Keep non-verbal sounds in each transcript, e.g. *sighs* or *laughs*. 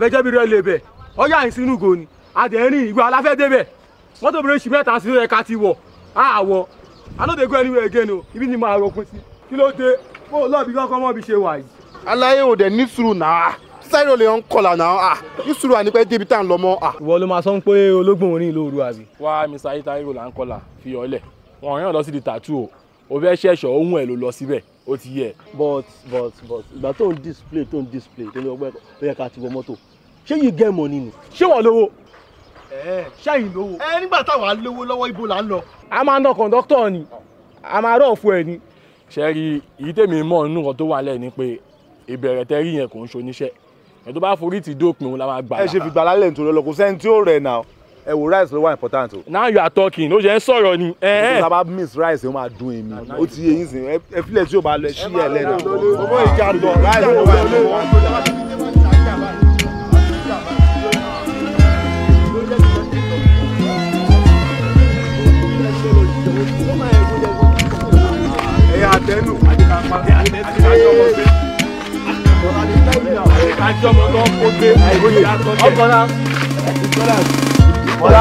àbẹ́jẹ́ bí rẹ̀ lè bẹ̀ ọjà yìí sínú ìgò ni àdẹ̀rìn ìgbà aláfẹ́ débẹ̀ mọ́tò bèrè oṣù mẹ́ta sí ẹ̀ka ti wọ̀ àwọ̀ I no dey go anywhere again o ibi ni máa rọpin sí kí ló dé kó o lọ́ọ̀bì kọ́kọ́ mọ́ bí ṣe wà yìí. aláyé ò dẹ̀ ní sùúrù náà sáré olè ń kọlà náà ní sùúrù ànípẹ́ débi tá à ń lọ mọ́. ìwọ ló máa sọ pé ológun orin ìlú òru àbí. wá mr ayétayéro là ń kọlà fi ọlẹ wọn rìn lọ sí di tàtú o ò fẹ́ ṣẹ̀ṣọ̀ ohun ẹ̀ ló lọ síbẹ̀ ó ti yẹ. but but but ìgbà tó ń display tó ń display tó ń lọ ọgbẹ́ ó yẹ ká ti wọ mọ́tò ṣé yìí gẹ́ mọ̀ nínú ṣé wọ́n lówó. ẹ ṣẹ́yìn lówó. ẹ nígbà táwa lówó lọ́wọ́ ibo là ń lọ. a máa ná kọ̀ǹdọ́tọ̀ ni a máa rọ̀ fún ẹ ni. sẹ́rí yìí tèmi mọ̀ nínú nǹkan tó wà lẹ́ẹ̀ ni pé ìbẹ̀rẹ̀ tẹ́ rí yẹn kò ń ṣoníṣẹ́ ẹ̀ tó bá forí ti dópin òun la máa gbà. ẹ ṣe fi gbàlá lẹ́yìn tó lọ sẹ́ni tí ó rẹ̀ náà ẹ wò rice ló wà important o. now you are talking ó jẹ́ sọ̀rọ̀ ni. ẹ ẹ sábà miss rice ó máa dùn èmi ó ti yẹ yín sìn ẹ filẹ̀ tí o bá lọ ẹ ṣí ẹ lẹ́nu. owó ìjà lọ rice ló wà lọ́wọ́. àdìtẹ́nu àdìtàpàdé àdìtẹ́nu àdìtẹ́nu tó ń kó gbé òye àtọ́jẹ́ ọ̀kọ́lá ìtọ́lá ọ̀la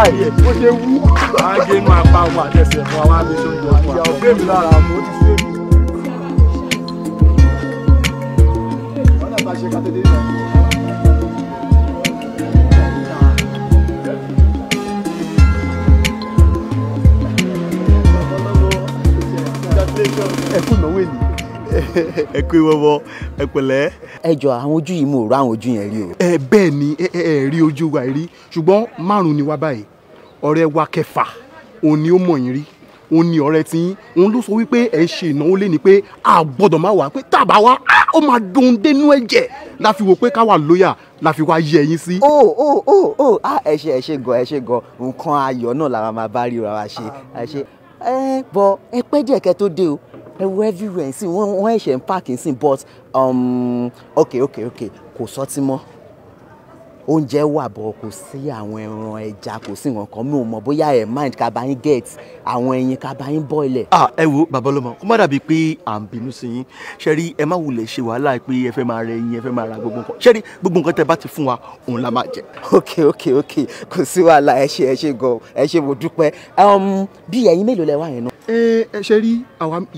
ẹkú náwó èlì. ẹkú ìwọ́wọ́ ẹ pẹ̀lẹ́. ẹ jọ àwọn ojú yìí mo rọ àwọn ojú yẹn rí o. ẹ bẹ́ẹ̀ ni ẹ ẹ rí ojú wa rí ṣùgbọ́n márùn-ún ni wá báyìí ọ̀rẹ́ wa kẹfà òun ni ó mọ̀ yín rí òun ni ọ̀rẹ́ tí òun ló sọ wípé ẹ ṣe ìnáwó lé ní pé a gbọ́dọ̀ má wà pé tàbá wa ó máa dùn dénú ẹ̀jẹ̀ la fi wò pé ká wà lóyà la fi wá yẹ yín sí. ó ó ó ó ẹ ṣe ẹ ṣe gan ẹ ṣe gan nǹkan ayọ̀ náà làwọn máa bá rí ra ẹ wo everywhere sí wọ́n ẹ̀ṣẹ̀ ń pààkì sí but um, okay okay okay kò sọ́tí mọ́ oúnjẹ wà bọ̀ kò sí àwọn ẹran ẹja kò sí nǹkan mi ò mọ̀ bóyá ẹ̀ mind ká bá yín get àwọn ẹyin ká bá yín bọ́ọ̀lẹ̀. ah ẹ wo bàbá ọlọmọ kó má dàbí pé à ń bínú sí yín ṣẹ́rí ẹ má wulẹ̀ ṣe wàhálà pé ẹ fẹ́ máa rẹ ẹyin ẹ fẹ́ máa ra gbogbo nǹkan ṣẹ́rí gbogbo nǹkan tẹ bá ti fún wa òun la máa jẹ. ok ok ok kò sí wàhálà ẹ ṣe ẹ ṣe gan ẹ ṣe mo dúpẹ́ um, bí ẹyin mélòó lẹ wá yẹn náà. ẹ ṣe rí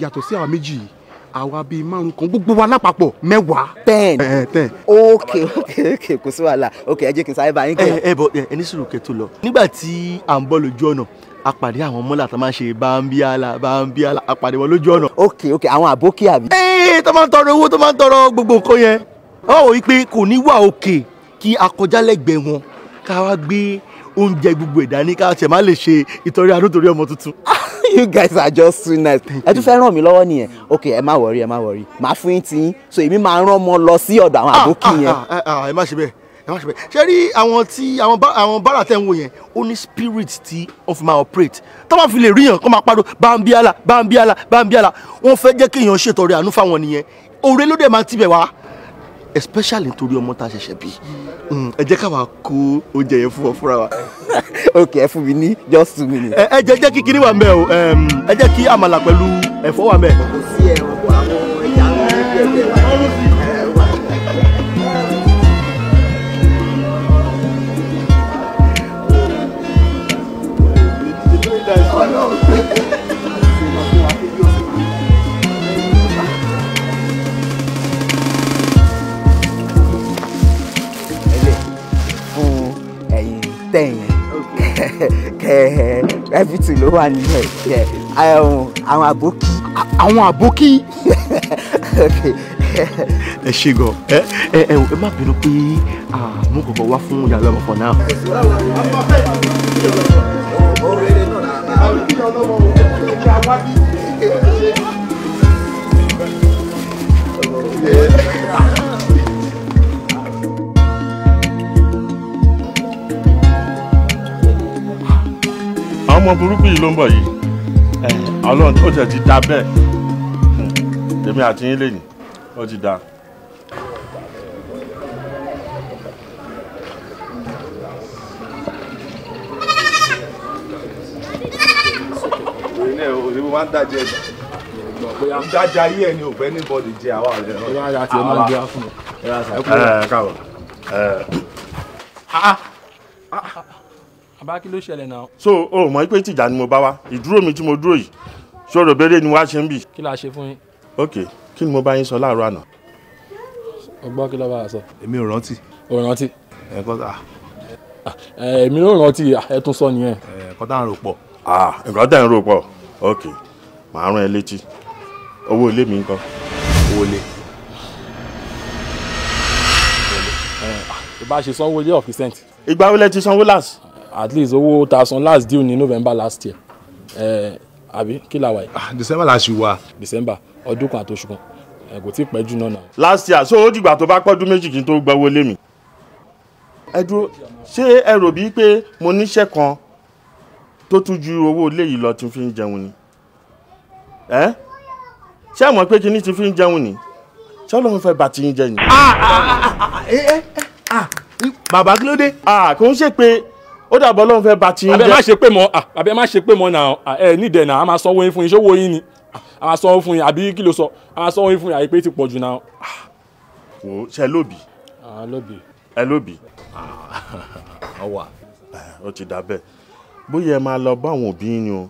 yàtọ̀ sí àwa méjì yìí àwa bíi márùn kan gbogbo wa lápapọ̀ mẹ́wàá. ten ten. ok ok ok kò sí wàhálà ok ẹ jẹ́ kí n sáré bá yín kẹ́. ẹ bọ ẹ ní sùúrù kẹtù lọ nígbà tí à ń bọ̀ lójú ọ̀nà a pàdé àwọn mọ́là tó máa ń ṣe báńbíàlà báńbíàlà a pàdé wọn lójú ọ̀nà. ok ok àwọn àbókí àbí. ee tó máa ń tọrọ owó tó máa ń tọrọ gbogbo nǹkan yẹn. ọ ò pé kò ní wà òkè kí akọjálẹ̀gbẹ́ wọn ká gbé oúnjẹ gbogbo ìdání ká tẹ̀ má lè ṣe ìtọ́rí àdótórí ọmọ tuntun. *laughs* *laughs* you guys are just too nice ẹ tún fẹ́ ràn mí lọ́wọ́ nìyẹn ok ẹ má wọrí ẹ má wọrí màá fún yín tiyín so èmi máa rán ọmọ lọ sí ọ̀dọ̀ àwọn ah, àbókì ah, yẹn. Ah, ẹ má ṣe bẹ́ẹ̀ ẹ má ṣe bẹ́ẹ̀ ṣe rí àwọn tí àwọn bára tẹ̀ ń wò yẹn ó ní spirit tí wọ́n fi máa operate tó bá fi lè ríyàn kó máa pariwo bambiala bambiala bambiala wọ́n fẹ́ jẹ́ kéèyàn ṣètọrẹ àánú fáwọn nìyẹn òrèlódé máa tibẹ̀ wá especially nítorí ọmọ tá a ṣẹ̀ṣẹ̀ bí hmm, ẹ jẹ́ káwa kó oúnjẹ yẹn fún ọ fúnra wa. *laughs* ok ẹ fún mi ní just two minutes. ẹ jẹ́ jẹ́ kí kinní wà ń bẹ̀ o ẹ jẹ́ kí àmàlà pẹ̀lú ẹ̀fọ́ wà ń ten Okay. everything ló wà nínú ẹ um, àwọn àbókí. àwọn àbókí. *laughs* ẹ ṣe gan ẹ ẹ ẹ má bínú pé mú kọkọ wá fún ìyá lọmọ for now. ọ̀rẹ́ rẹ̀ náà ni àwọn ìdílé ọlọ́wọ́ òun ti ṣe àwádìí. ọmọ burúkú yìí ló ń bọ̀ yìí ọlọ́run ó tẹ̀ ti da bẹ́ẹ̀ èmi àti yín lẹ́yìn ó ti da. òní wọn dájẹ ìdájà yìí ẹ ni ò fẹ́ ní bọ́ọ̀dì jẹ àwa rẹ. ẹ ẹ máa ń bàbá kí ló ṣẹlẹ̀ náà. so o mọ̀ pé tìjà ni mo bá wa ìdúró mi tí mo dúró yìí sọ̀rọ̀ bẹ́rẹ̀ ni wàá ṣe ń bì. kí la ṣe fún yín. ok kí ni mo bá yín sọ láàárọ̀ àná. o gbọ́ kí ló bá a sọ. èmi ò rántí. ò rántí. ẹ kọ́ ta. Ah, eh, èmi ò rántí ah, ẹ tún sọ nìyẹn. ẹ kọ́ tá à ń rò pọ̀. Ah, nǹkan tá à ń rò pọ̀ ok màá rán ẹ létí owó ilé mi ńkọ́. owó ilé. ìbá eh, ṣe sanwó ilé ọ̀fíìsẹ́ǹtì. ìgbà wo lẹ ti sanwó láti at least owó tá a san last deal ní november last year ẹ àbí kí la wà yìí. Ah, december last year. wà. december ọdún kan àti oṣù kan ẹ kò tí ì pẹ́ jù last year so ó dìgbà tó bá pọ́dún méjì kí n tó gbọ́ wọlé mi. ẹ dúró ṣé ẹ rò bíi pé mo níṣẹ́ kan tó tún ju owó ilé yìí lọ tí fi ń jẹun ni ẹ ṣé àmọ́ pé kinní ti fi ń jẹun ni ṣé ọlọ́run fẹ́ bá ti ń jẹ ni. Ah, ah, eh, eh, bàbá kí ló dé. kò ń ṣe pé ó dàbọ̀ lóun fẹ́ bá ti ń jẹ́. àbẹ má ṣe pé mọ àbẹ má ṣe pé mọ náà ẹ nídẹ̀ẹ́ náà a máa sanwó yín fún yín ṣé owó yín ni a máa sanwó fún yín àbí kí ló sọ a máa sanwó yín fún yín àyípé ti pọ̀ jù náà. wò ó ṣe lóbi. lóbi. ẹ lóbi. ọwà. *laughs* ó ti dà bẹ́ẹ̀ bóyá ẹ máa lọ bá àwọn òbí ni o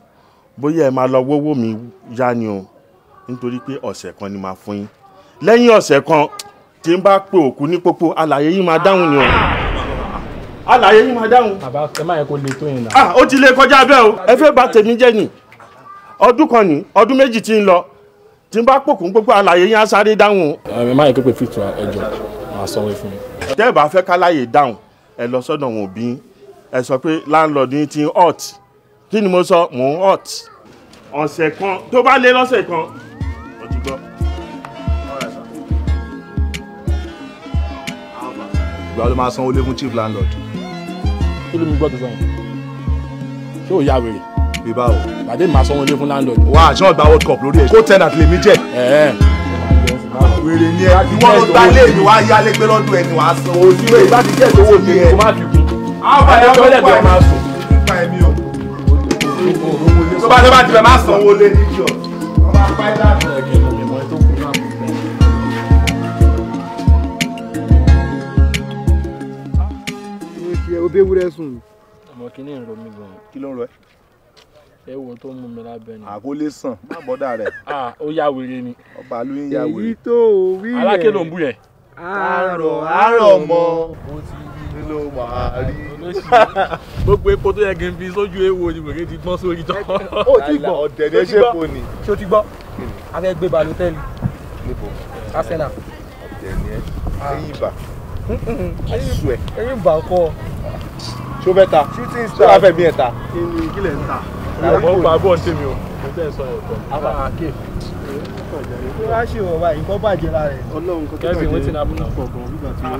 bóyá ẹ máa lọ wọ́wọ́ mi yá ni o nítorí pé ọ̀sẹ̀ kan ni máa fún yín lẹ́yìn ọ̀sẹ̀ kan tí n bá pe òkú ní pópó àlàyé yìí máa dáhùn ni o. àlàyé yín máa dáhùn. bàbá ẹ má yẹ kó le tó yẹn ah ó ti lè kọjá bẹ́ẹ̀ o ẹ fẹ́ bà tèmi jẹ́ ni ọdún kan ní ọdún méjì tí ń lọ tí n bá pòkùn gbogbo àlàyé yín á sáré dáhùn. ẹ má yẹ kó pe fìtù ẹjọ́ máa sanwó fún mi. tẹ́ ẹ bá fẹ́ káláyè dáhùn ẹ lọ sọ́dọ̀ wọn òbí ẹ sọ pé landlord ní ti hot kí ni mo sọ mò hot ọ̀sẹ̀ kan tó bá lé lọ́sẹ̀ kan ọ̀túnbọ̀. ìgbà wo ló máa sanwó lé chief landlord kí ló mi gbọ́ tó sọ yẹn ṣé ò ya wèrè. bí báwo. ìpàdé màá sanwó ilé fún landlord. wà á ṣe ọgbà world cup lórí ẹ kó ten at lèmi jẹ. wèrè ni ẹ ìwọ ló ta ilé mi wá yálé gbé lọ́dún ẹni wàá san. òsì rẹ̀ ìbá ti jẹ́ ìdówó mi ẹ. àwọn àyàwó ẹ̀ gbọ́ ẹ̀ máa sùn. tó bá dé bá ti máa sanwó lé níjọ́. ọba pàìlà fẹ́ sùn. ọmọ kìíní ń ro mi gan. kí ló ń rọ ẹ. ẹ wo tó ń mú mi lábẹ́ ni. àkólé sàn má bọ́dà rẹ̀. *laughs* Ah, ó yá wèrè ni. ọba ló ń yá wèrè. èyí tó o wí yẹn. aláké ló ń bú yẹn. àárọ̀ àárọ̀ mọ́. mo ló máa rí. gbogbo epo tó yẹ kí n fi sójú ewo ni wèrè ti gbọ́n sórí tán. ó *laughs* ti gbọ́ ọ̀dẹ̀dẹ̀ ṣe kò ní. ṣé o ti gbọ́ a fẹ́ gbé balùwẹ̀ tẹ́lẹ̀ I swear. Eré ìbàkọ́. Ṣó fẹ́ ta? Shooting star. Ṣó wàá fẹ́ mi ẹ̀ ta? Kí ni kí lẹ̀ ń ta? Àwọn ọgbà bọ̀ ń o. Mo tẹ́ sọ ẹ̀kọ́. Àwọn àkè. Ah, Bí wàá ṣe wọ̀ báyìí, nǹkan bàjẹ́ lára ẹ̀. Ọlọ́run kò tó bàjẹ́. Kẹ́bí wetin happen now? Pọ̀gbọ̀n nígbà tí ah.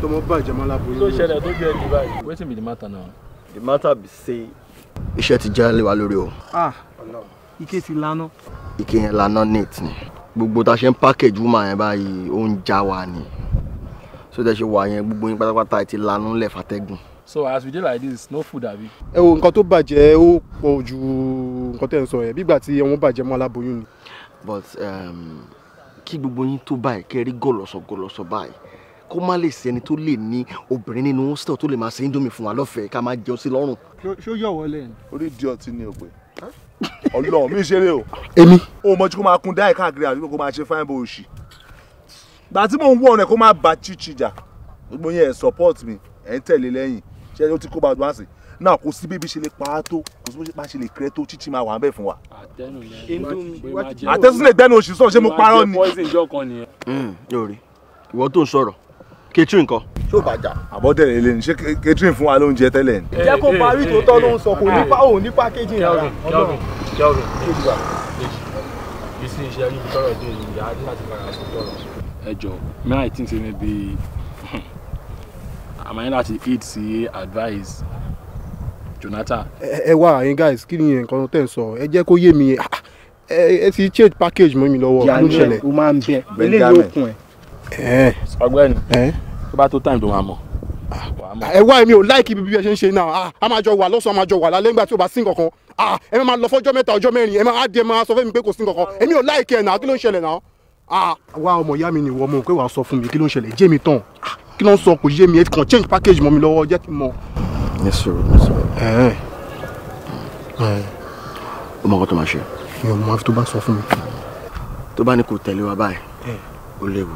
tọmọ bàjẹ́ máa láboyún. Tó ṣẹlẹ̀ tó jẹ́ ẹ̀dí báyìí. Wetin be the matter now? The matter be say. Iṣẹ́ ti já lé wa lórí o. Ah! Ike ti lana. Ike yẹn lana neat ni. Gbogbo ta ṣe ń package woman yẹn báyìí, ó ń já wa ni so tẹ ṣe wà yẹn gbogbo yín pátápátá ti lanú lẹ̀ fàtẹ́gùn. so as we dey like this no food abi. ẹ wo nǹkan tó bàjẹ́ ó pọ̀ ju nǹkan tẹ̀ ń sọ yẹn bígbà tí ẹ̀wọ̀n bàjẹ́ mọ́ aláboyún ni. but um, kí gbogbo yín tó báyìí kẹ́ rí gọ̀lọ̀sọ̀ gọ̀lọ̀sọ̀ báyìí kó má lè sẹ́ni tó lè ní obìnrin nínú hostel tó lè máa ṣe indomie fún wa lọ́fẹ̀ẹ́ ká máa jẹun sí lọ́rùn. ṣó yọ̀ wọlé ni. orí di ọtí ni o pé Ọlọ́run mi ṣeré o. èmi. o mọ̀ tí kò máa kun dáì káàkiri àdúgbò kó máa ṣe fáìn bó o ṣì gbà tí mò ń wọ ọ̀nà kó ba chichi jà gbogbo yẹn support me ẹ̀ ń tẹ̀lé lẹ́yìn ṣe ló ti kó bá wá sí náà kò sí bébí ṣe lè pa á tó kò sí bá ṣe lè kéré tó chichi máa wà bẹ́ẹ̀ fún wa. àtẹ̀sùn lè dẹ́nu oṣù sọ ṣé mo parọ́ ni. yorì mm, ìwọ tó ń sọ̀rọ̀ catherine kọ. ṣó bàjá. àbọ̀dẹ̀ lè ní ṣé catherine fún wa lóúnjẹ tẹ́lẹ̀ ni. jẹ́ kó parí tòótọ́ ló ń sọ kò nípa òun ní eh, pákéjì rẹ̀. kelvin kelvin kelvin ìsìn ìṣe ayélujára dé ìyá láti fara sí ẹ jọ mi i think say maybe àmọ́ *laughs* yín láti heed See, advice Jonathan. ẹ wá ẹ̀yin guys kí ni nǹkan tẹ̀ ń sọ ẹ jẹ́ kó yé mi ah, ẹ ti change package mọ́ mi lọ́wọ́ ló ṣẹlẹ̀. yàrá o máa ń bẹ ilé yóò kún ẹ. ọ̀gbẹ́ni tó bá tó time tó máa mọ̀ ah, ẹ wá èmi ò láìkí bí bí ẹ ṣe ń ṣe náà ah, a máa jọ wà lọ́sàn-án máa jọ wà lálẹ́ ńgbà tí o bá sí nǹkan kan ẹ máa lọ fọ́jọ́ mẹ́ta ọjọ́ mẹ́rin ẹ máa á máa sọ fún mi pé kò sí nǹkan kan èmi ò láìkí ẹ̀ náà kí ló ń ṣẹlẹ̀ náà. Ah, wá ọmọ ìyá mi ni ìwọ ọmọ pé wàá sọ fún mi kí ló ń ṣẹlẹ̀ jẹ́ mi tán ah, kí ló ń sọ kò yé mi ẹ kàn change package mọ́ mi lọ́wọ́ jẹ́ kí n mọ̀. ní sọ̀rọ̀ ní sọ̀rọ̀. ó mọ nǹkan tó máa ṣe. mi ò mọ àfi tó bá sọ fún mi. tó bá ní kó tẹ̀lé wa báyìí ó léwu.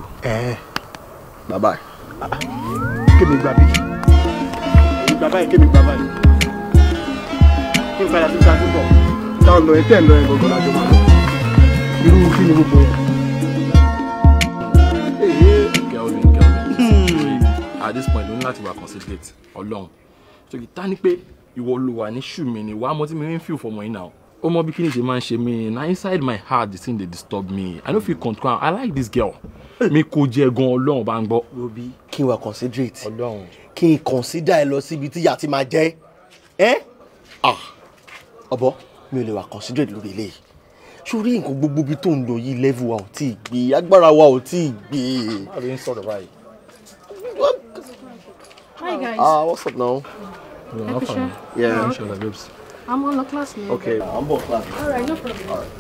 bàbá ẹ̀. kí ni gbà bí? bàbá ẹ̀ kí ni bàbá ẹ̀? kí n padà sí sáà túbọ̀ táwọn lọ ẹ̀ tẹ̀ lọ ẹ̀ gbọ̀ngàn àjọmọ́ irú kí ni gbogbo yẹn. at this point ló ní láti wà considerate ọlọ́run so kì í ta ni pé ìwọ ló wà ní ṣù mi ni wàá mọ tí mi ń feel for money now ó mọ bí kí ni ṣe máa ń ṣe mí na inside my heart the thing dey disturb me i no fit control am i like this girl mi kò jẹ gan ọlọ́run bá ń gbọ́. robi kí n wà considerate ọlọ́run kí n consider ẹ lọ síbi tíyà ti máa jẹ ẹ ah ọbọ mi ò lè wà considerate lórí eléyìí sórí nǹkan gbogbo bí tó ń lò yìí level wa ò tí ì gbé agbára wa ò tí gbé. má lè ń sọ̀rọ̀ báyìí. What? Hi guys. Ah, uh, what's up now? No, I'll find Yeah. I'm sure that lives. I'm on the class now. Okay, I'm both class. All right, no problem. All right.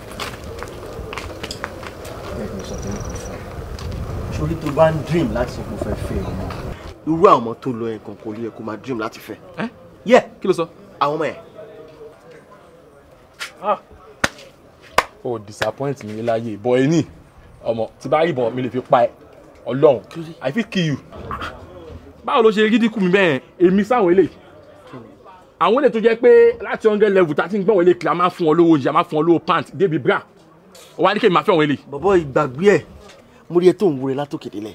Make me something you to ban dream láti sọ mo fẹ́ fẹ́ ọmọ. Irú àwọn ọmọ tó lọ ẹ̀kan kò lè kó máa dream láti fẹ́. Ẹ́ yẹ kí ló sọ? Àwọn ọmọ yẹn. Ah. O disappoint mi láyé ìbọn ẹni ọmọ tí bá rí ìbọn mi lè fi pa ẹ́. Ọlọ́run I fit kill you báwo ló ṣe rídíkù mi bẹ́ẹ̀ èmi sáwọn eléyìí àwọn eléyìí tó jẹ́ pé láti hundred level tá a ti ń gbọ́n wọlé kí a máa fún ọ lówó oúnjẹ a máa fún ọ lówó pant débi bra wà á ní kí n máa fẹ́ àwọn eléyìí. bọ̀bọ̀ ìgbàgbé ẹ̀ mo rí ẹ tó ń wúre látòkè délẹ̀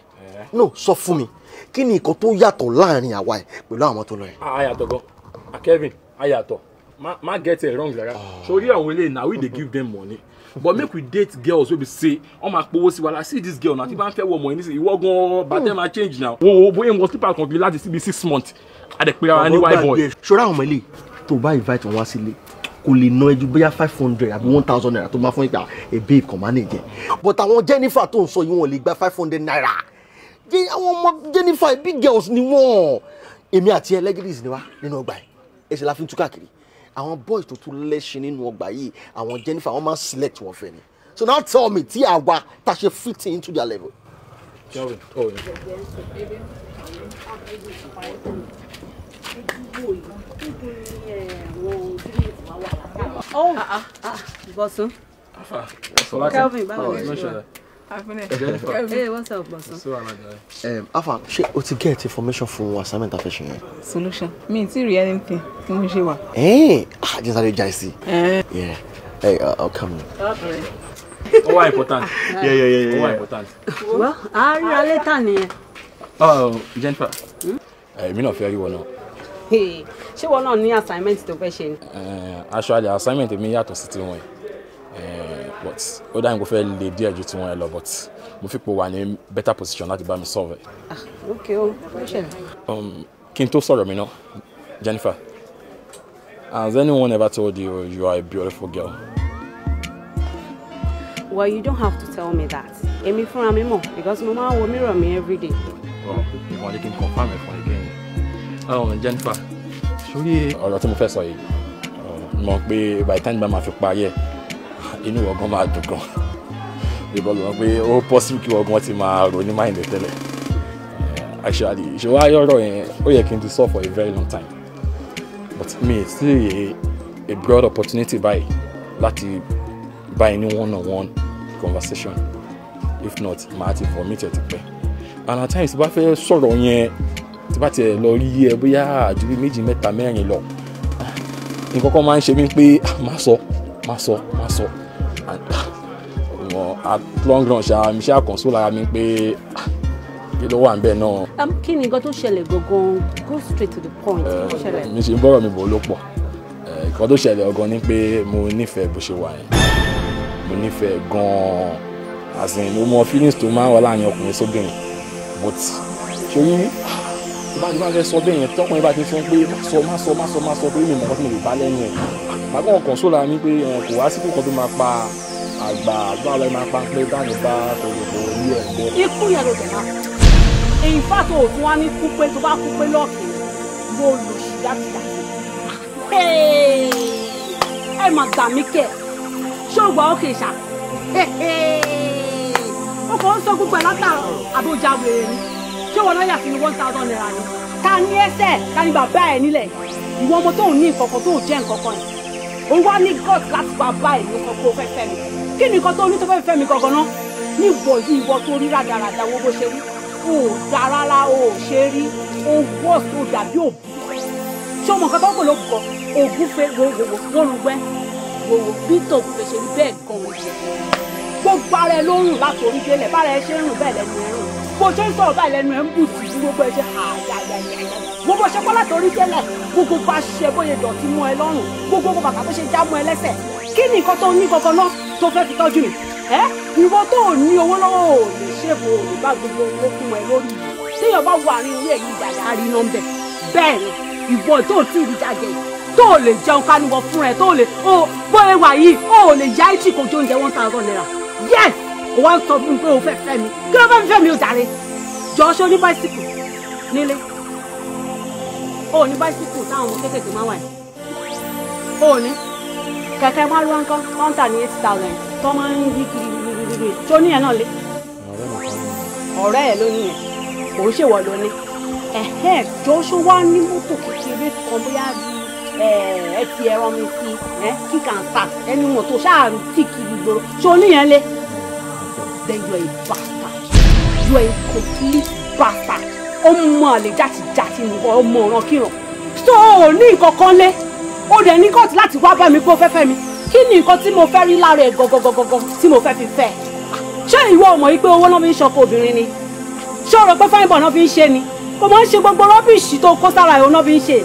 no sọ fún mi kí ni nǹkan tó yàtọ̀ láàrin àwa ẹ̀ pẹ̀lú àwọn tó lọ yẹn. ayàtọ̀ ah, gan akẹ́vin ah, ayàtọ̀ má get it wrong rárá ah. sórí àwọn eléyìí na we dey give them money but make we date girls wey be say ọmọ àpòwò sí wa la see this girl na tí bá ń fẹ́ wọ ọmọ yìí nísìnyí ìwọ gan bàtẹ́ máa change now wo bóyá wọn slipper kan bi láti síbi six months àdèpẹ́ra wa ní white boy. ṣọ́ra àwọn ọmọ ilé tó bá invite wọn wá sílé kò lè ná ẹjú bóyá five hundred àbí one thousand naira tó máa fún ìgbà èbè ìkànnì jẹ but àwọn Jennifer tó ń sọ yìí wọn lè gba five hundred naira àwọn ọmọ Jennifer big girls ni wọn èmi àti ẹlẹgìrìs ni wa nínú ọgbà ẹ ẹsẹ la fi ń tú káàkiri àwọn boys tó tún lẹ́sìn nínú ọgbà yìí àwọn Jennifer wọ́n máa select wọn fẹ́ ni so now tell me tí àwa ta ṣe fit into their level. Oh, oh ah, ah, uh, uh, uh, Bosun. Kelvin, báwo ni? Oh, what's up, um, afa ṣé o ti get information from what assignment afẹ́ṣẹ́ yẹn. solution mi ti rí anything tí mo ṣe wà. Eh, ah, jẹ́ sáré jà sí. Eh. Hey, uh, I'll come in. Okay. Ó wà important. *laughs* Yeah, yeah, yeah, yeah. Ó wà important. Well, a rí ra later nìyẹn. Oh, Jennifer. Hmm? Eh, èmi náà fẹ́ rí wọn náà. Ṣé wọn náà ní assignment to fẹ́ Uh, Actually, assignment mi yàtọ̀ sí tiwọn yìí. Eh, but ó dá nǹkan fẹ́ lè díẹ̀ ju tiwọn ẹ lọ but mo fi pò wà ní better position láti bá mi solve ẹ. ah ok o ó ṣẹlẹ̀. Um, kí n tó sọ̀rọ̀ mi náà Jennifer has anyone ever told you you are a beautiful girl. well you don't have to tell me that èmi fúnra mi mọ̀ because mo máa ń wo mirror mi every day. ìwọ oh, ni kí n confirm ẹ fún ẹ kẹ́yìn. Um, Jennifer sórí ọ̀rọ̀ tí mo fẹ́ sọ yìí um, mo mọ̀ pé by the time bá máa fi parí ẹ̀ inú ọgán máa dùn gan because wọn pé ó possible kí ọgán ti máa rò ní mind tẹ́lẹ̀ eh, actually ìṣòwò ayọ̀rọ̀ yẹn ó yẹ kí n ti sọ for a very long time but me still a a broad opportunity báyìí láti bá any one on one conversation if not màá ti vomit ẹ̀ ti pẹ́ and at times bá fẹ́ sọ̀rọ̀ yẹn tí bá tiẹ̀ lọ rí ẹ bóyá àdúgbò méjì mẹ́ta mẹ́rin lọ nǹkan kan máa ń ṣe mí pé ah, má sọ má sọ má sọ wọn at long run ṣá mi ṣá console ara mi pé ah, kí ló wà níbẹ̀ náà. Um, kí ni nǹkan tó ṣẹlẹ̀ gangan go straight to the point kí ló eh, ṣẹlẹ̀. mi ṣe ń bọ̀rọ̀ mi bò ló pọ̀ eh, nǹkan tó ṣẹlẹ̀ ọ̀gan ni pé mo nífẹ̀ẹ́ bó ṣe wà yẹn mo nífẹ̀ẹ́ gan-an àsìn mo mọ feelings tó máa ń wà láàrin ọkùnrin sóbìnrin but ṣé yín tí bá ti máa fẹ́ sọ bẹ́ẹ̀ yẹn tọkùnrin bá ti sọ pé má sọ má sọ má sọ má sọ pé mi nǹkan tí mo lè bá lẹ́nu ẹ̀ màá kàn kàn sóra mi pé kò wá sípò kan tó pa àgbà àgbà lọ́ọ́ máa pa pé báyìí bá tòwòtòwò ní ẹ̀gbẹ́. ikú yẹn ló dẹ̀ra èyí fàtò òtún wá ní kú tó bá kú lọ́ọ̀kì ló lù sí dájúdájú. ẹ mà gbà mí kẹ ṣé o gbà ó kèé ó kàn ń sọ gbogbo ẹ̀ látà àbójà ni ṣé wọn náà yà sí ní one thousand naira ni ká ní ẹsẹ̀ ká ní bàbá ẹ̀ nílẹ̀ ìwọ ọmọ tóun ní nǹkankan tóun jẹ́ nǹkankan yìí òun wá ní god láti bàbá ẹ̀ ní nǹkan kó fẹ́ mi kí ni nǹkan tó ní tó fẹ́ fẹ́ mi gangan náà ní ìwọ yìí ìwọ tó rí rádaràda wo bó ṣe rí o ò da o ṣe rí o wọ́ o dàbí òbú ṣé ọmọ nǹkan tó kò ló bọ̀ ògúfe wo wo wo wọ́n lu wo wo bí tògùfẹ̀ ṣe rí bẹ́ẹ̀ gan-an gbogbo ara ẹ ló ń rùn látòrí délẹ̀ bára ẹ ṣe rùn bẹ́ẹ̀ lẹ́nu ẹ rùn bó ṣe ń sọ̀rọ̀ báyìí lẹ́nu ẹ̀ ń bù sí gbogbo ẹ̀ ṣe àyàyàyà gbogbo ṣe kọ́ látọ̀rí tẹ́lẹ̀ gbogbo bá ṣe bóyá dọ̀tí mú ẹ lọ́rùn gbogbo bàtà tó ṣe já mú ẹ lẹ́sẹ̀ kí ni nǹkan tó ní kankan náà tó fẹ́ fi tọ́jú mi ìwọ tó ò ní owó lọ́wọ́ ò lè ṣèbò ò lè bá gbogbo owó fún ẹ lórí téèyàn bá wà ní orí ẹ̀yìn ìdàgbà rí iná bẹ̀ bẹ́ẹ̀ ni ìwọ tó ò tí ì rí tó ò lè jẹun kánuwọ fún ẹ tó ò lè bó ẹ wà yìí ó lè yá ìtì kojú oúnjẹ one thousand naira yes o wá ń sọ fún mi pé o fẹ́ fẹ́ mi kí ló fẹ́ mi fẹ́ mi o jàre jọ ṣé o ní báísíkù nílé o ní báísíkù táwọn ọmọ kéékèèké máa wà yìí o ní kẹ̀kẹ́ máa ló ń kọ́ kọ́ńtà ní eight thousand tó máa ń yí kiri kiri tó ní yẹn náà lé ọ̀rẹ́ ẹ̀ ló ní yẹn kò ń ṣèwọ ló ní jọ ṣó wá ní mọ́tò kékeré kan bóyá bíi ẹ ti ẹran mi sí kíkà ń ta ẹni mọ̀ ṣáà ń kiri gbòòrò ṣó ní lé then you are a bastard you are a complete bastard ọmọ àlè jàtìjàtì nìkan ọmọ ọ̀ràn kíran so ò ní nǹkan kan lé ó dẹ̀ ní kọ́ọ̀tù láti wá bá mi pé ó fẹ́ fẹ́ mi kí ni nǹkan tí mo fẹ́ rí lára ẹ̀ gọ́gọ́gọ́gọ́ tí mo fẹ́ fi fẹ́ ṣé ìwọ ò mọ̀ yìí pé owó náà fi ń ṣọkọ obìnrin ni ṣé o rò pé fáyìnbọ̀ náà fi ń ṣe ni kò mọ̀ ń ṣe gbogbo rọ́bìṣì tó kó sára ẹ̀ náà fi ń ṣe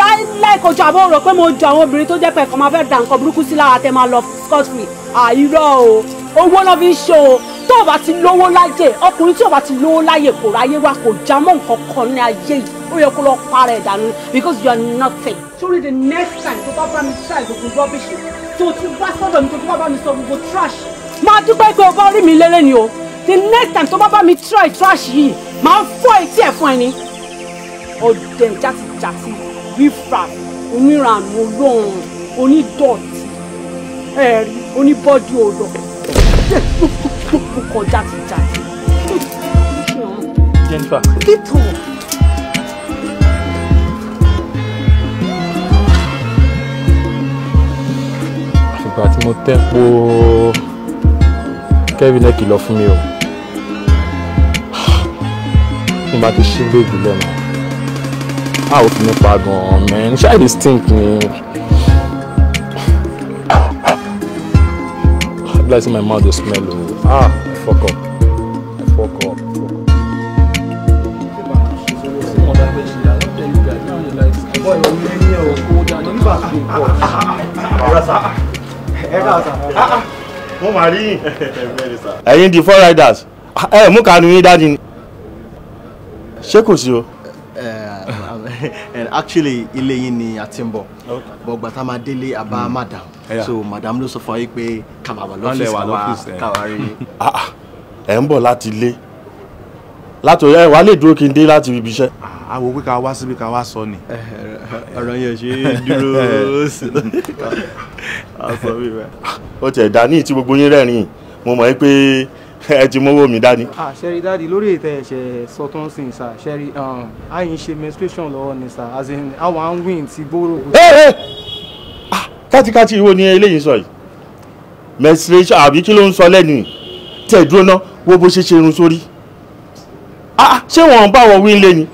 láìláì kojú àbọ̀ rò pé mo ju àwọn obìnrin tó jẹ́ pé ẹ̀kọ́ máa fẹ́ dà nǹkan burúkú sí lára tẹ́ máa lọ scot free àìrọ́ o owó náà fi ń ṣe o tó o bá ti lówó láyè ọkùnrin tí o bá ti lówó láyè kò ráyé wá kò já mọ́ nǹkan kan ní ayé yìí ó yẹ kó lọ para ẹ̀ dànù because you are nothing. sórí the next time tó bá bá mi try gbogbo rubbish tó ti bá sọ́dọ̀ mi tó bá bá mi sọ gbogbo trash. máa dúpẹ́ pé o bá rí mi lélẹ̀ ni o the next time tó bá bá mi try trash yìí máa fọ́ etí ẹ̀ fún ẹni. ọ̀dẹ̀ játijàti rífra oníranú olóhùn onídọ̀tí ẹ̀rí oníbọ́dí olóhùn kọjá ti jáde. Jennifer. Victor. Kevin ẹ̀ kìlọ̀ fún mi o ní bá ti ṣí bèbí lẹ́nu a ò fi mi pa gan-an Bless my mouth, the smell. Oh. Ah, I fuck up. I fuck up. Wọ́n máa rí ẹ̀yin di four riders ẹ̀ mú kanu yín dájú ni ṣé kò sí actually ilé yín ni a ti ń bọ̀ bọ̀ gbàtà máa délé àbá hmm. madam so madam ló sọ fún yín pé kàmá wà lọ́fíìsì kàwá kàwá rí. *laughs* Ah, ah, ẹ ń bọ̀ láti ilé láti ọ̀yá ìwà lè dúró kí n dé láti ibi iṣẹ́. àwo ah, pé ká wá síbi ká wá sọ ni. *laughs* ọ̀rọ̀ yẹn ṣe dúró sí *laughs* eh. i. ó tiẹ̀ dání tí gbogbo yín rẹ́rìn-ín mo mọ̀ pé *laughs* ẹ ti mówó mi dání. àṣẹrí ah, dáàdi lórí ètò ẹ̀ṣẹ̀ sọtún sí sà ṣẹrí àyìn ṣe menstruation lọ́wọ́ ni sà as in àwọn à ń win ti bóró. Ah, kátikáti ìwo ni eléyìí sọ yìí menstruation àbí kí ló ń sọ lẹ́nu yìí tẹ̀ dúró ná wo bó ṣe ṣe irun sórí ah, ṣé wọn bá wọ wí lé ni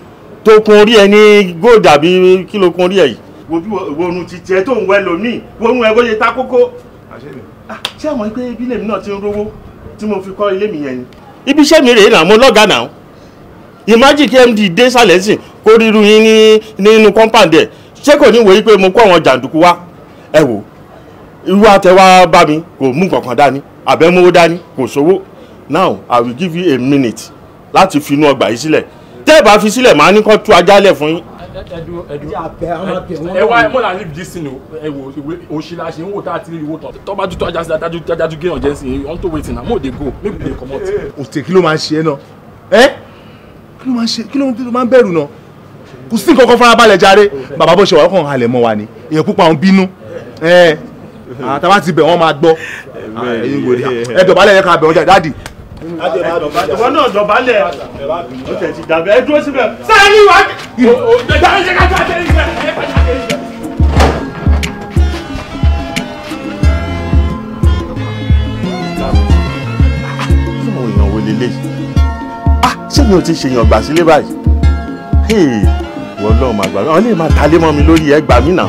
tó kun orí ẹ ní gold àbí kí ló kun orí ẹ yìí. wo bí wonu ti tiẹ tó ń wẹ lómi wonu ẹ bó ṣe ta kókó. ṣé àwọn ẹgbẹ́ ibi lèmi náà ti ń rówó tí mo fi kọ́ ilé mi yẹn ni. ibi iṣẹ́ mi rèé náà mo náà imagine KMD dé sàlẹ̀ sìn kó ríru yín nínú compound ẹ̀ ṣé kò ní wòye pé mo kó àwọn jàǹdùkú wá ẹ wò irú àtẹwà bá mi kò mú kankan dání àbẹ́mówó dání kò sówó now i will give you a minute láti finú ọgbà yìí sílẹ̀ tẹ́ ẹ bá fi sílẹ̀ màá ní kó tú ajá lẹ̀ fún yín ẹ wá mọ̀ náà leave this thing o ẹ wo ìwé òṣìlá ṣe ń wò tá a ti rí ìwò tán tọ́ba tó ajá sí adájú adájú gé ọ̀jẹ̀ sí i to wait na mo dey go make we dey comot. òtè kí ló máa ń ṣe é náà ẹ kí ló máa ń ṣe kí ló máa ń bẹ̀rù náà kò sí nǹkan kan farabalẹ̀ jàre bàbá bó ṣe wà ọkàn halẹ̀ mọ́ wa ni èèyàn púpọ̀ jáde dáàdì ìwọ náà dọ̀bálẹ̀ ó tẹ̀ ti dàbẹ̀ ẹ dúró síbẹ̀ sáyẹ́lì wá. ìdájọ́ ṣe ká tó àtẹ̀yìn bẹ́ẹ̀ ẹ pàṣẹ àtẹ̀yìn bẹ́ẹ̀. ṣé mi ò gbà sílé báyìí wọ́n lọ́ọ́ màgbà wọn lè máa talé mọ́ mi lórí ẹ gbà mí náà.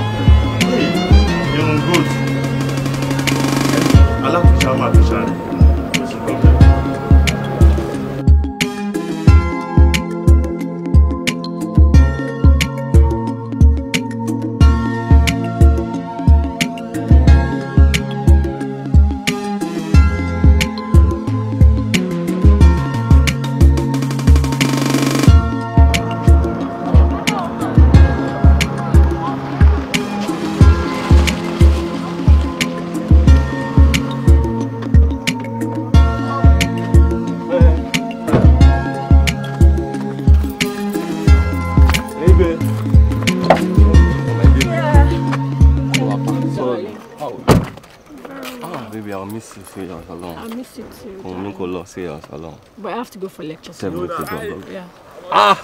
say us alone. But I have to go for lecture. Seven to go. Yeah. Ah!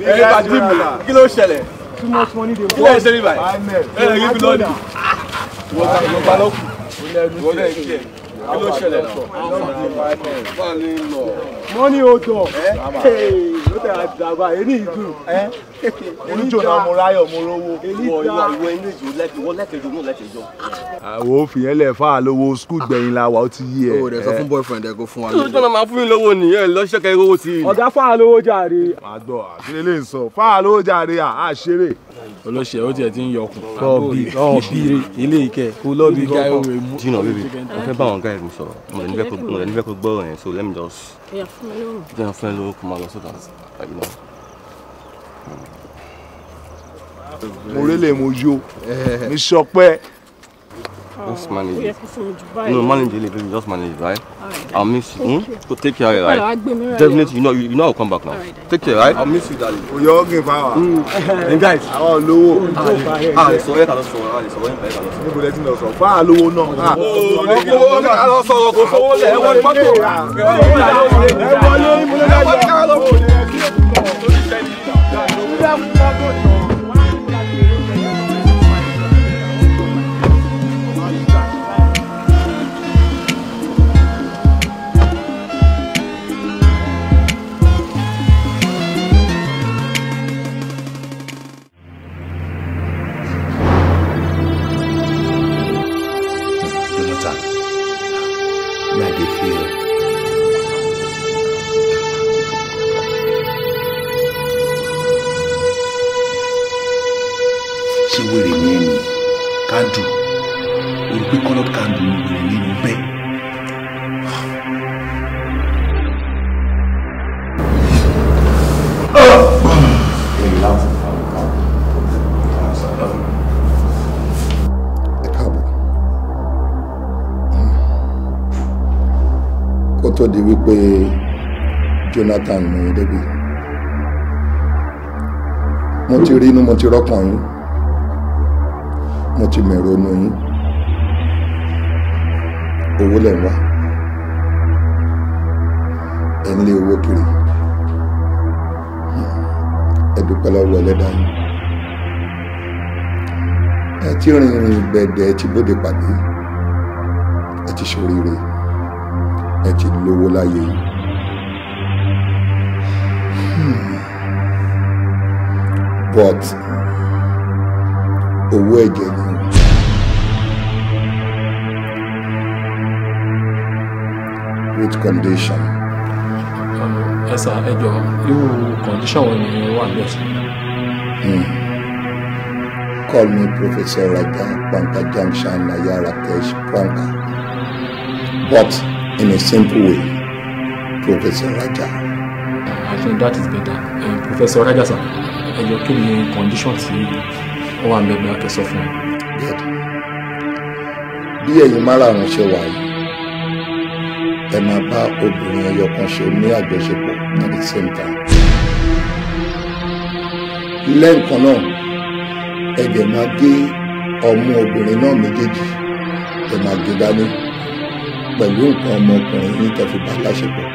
Ẹ bá dì mí la. Kí ló ṣẹlẹ̀? Too much money dey work. Kí ló ṣe ní báyìí? Ẹ lè gbé lọ́ọ̀dì. Wọ́n bá lọ́kù. Wọ́n lè kí ẹ. Kí ló ṣẹlẹ̀? Wọ́n lè lọ. Money eh? wọ́n eh? ní odò ó tẹ̀ àdàbà èyí ìdù. oníjó náà mo ráyọ̀ mo rówó wọ ìwà ìwé inú ìjò wọ́n lẹ́kẹ̀jọ náà lẹ́kẹ̀jọ. àwọn òfin yẹn lè fa àlówó skul gbẹ̀yìn la wa ó ti yí ẹ. o rẹ sọ fún eh. boyfriend ẹ kó fún wa. kí ló jọ́nà máa fún mi lówó nìyẹn lọ́sẹ̀ kẹ́ owó ti. ọ̀gá fa àlówó jàre. màá gbọ́ àbílẹ̀ lè sọ fa àlówó jàre à á ṣeré. olóṣè ó tiẹ̀ ti ń yọkùn. tọ́ọ̀bì tọ́ọ̀bì ilé ìkẹ́ kó lọ́ọ̀bì gbọ́. jìnnà bíbí mo fẹ́ bá àwọn ọ̀gá ẹ̀ mi sọ̀rọ̀ mo lè nífẹ̀ẹ́ kó gbọ́ ẹ̀ so let me just ẹ̀yà fún mi lóhùn. jẹ́ fún ẹ lówó kó máa lọ sọ́dọ̀ àbí mi sọ Just oh. manage it. No, manage it, baby. Just manage it, right? right I'll miss you. Hmm? So take care, right? right Definitely, you know, you, you know I'll come back now. Right, take care, right? I'll miss you, darling. Oh, you're okay, power. Hmm. And *laughs* guys, àwọn olówó. Ah, so yet I don't saw. Ah, so when I don't saw. Níbo lẹ ti lọ sọ. Fa olówó náà. Ah, olówó náà. I don't saw. Go for one. I want back. I want back. I want back. I want back. Jonathan Mọ̀yẹ́dẹ́gbẹ́ mo ti rí inú mo ti rọ́kàn yín mo ti mẹ̀rọ̀nù yín owó lẹ̀ ń wá ẹ̀ ń lé owó kiri ẹ dúpẹ́ lọ́wọ́ ẹlẹ́dàá yín ẹ ti rìn rìn gbẹ̀dẹ̀ ti bóde pàdé ẹ ti ṣoríire ẹ ti lówó láyé yìí. but owó ẹ̀jẹ̀ ni. with condition. ẹ sà ẹ jọ irú condition wo ni wà ní ẹsẹ. Hmm. call me professor raja panka junction naya rakesh panka but in a simple way professor raja. i think that is better uh, professor raja sir ẹjọ́ kí ni condition tí ó wà lọ́gbẹ́ akẹ́sọ fún un. bí ẹ̀yin márààrún ṣe wà yìí ẹ máa bá obìnrin ẹyọ kan ṣe ní àjọṣepọ̀ at the same time. lẹ́ǹkan náà ẹ dẹ̀ máa gé ọmú obìnrin náà méjèèjì ẹ máa gé dání pẹ̀lú nǹkan ọmọkùnrin yín tẹ́ fi bá láṣepọ̀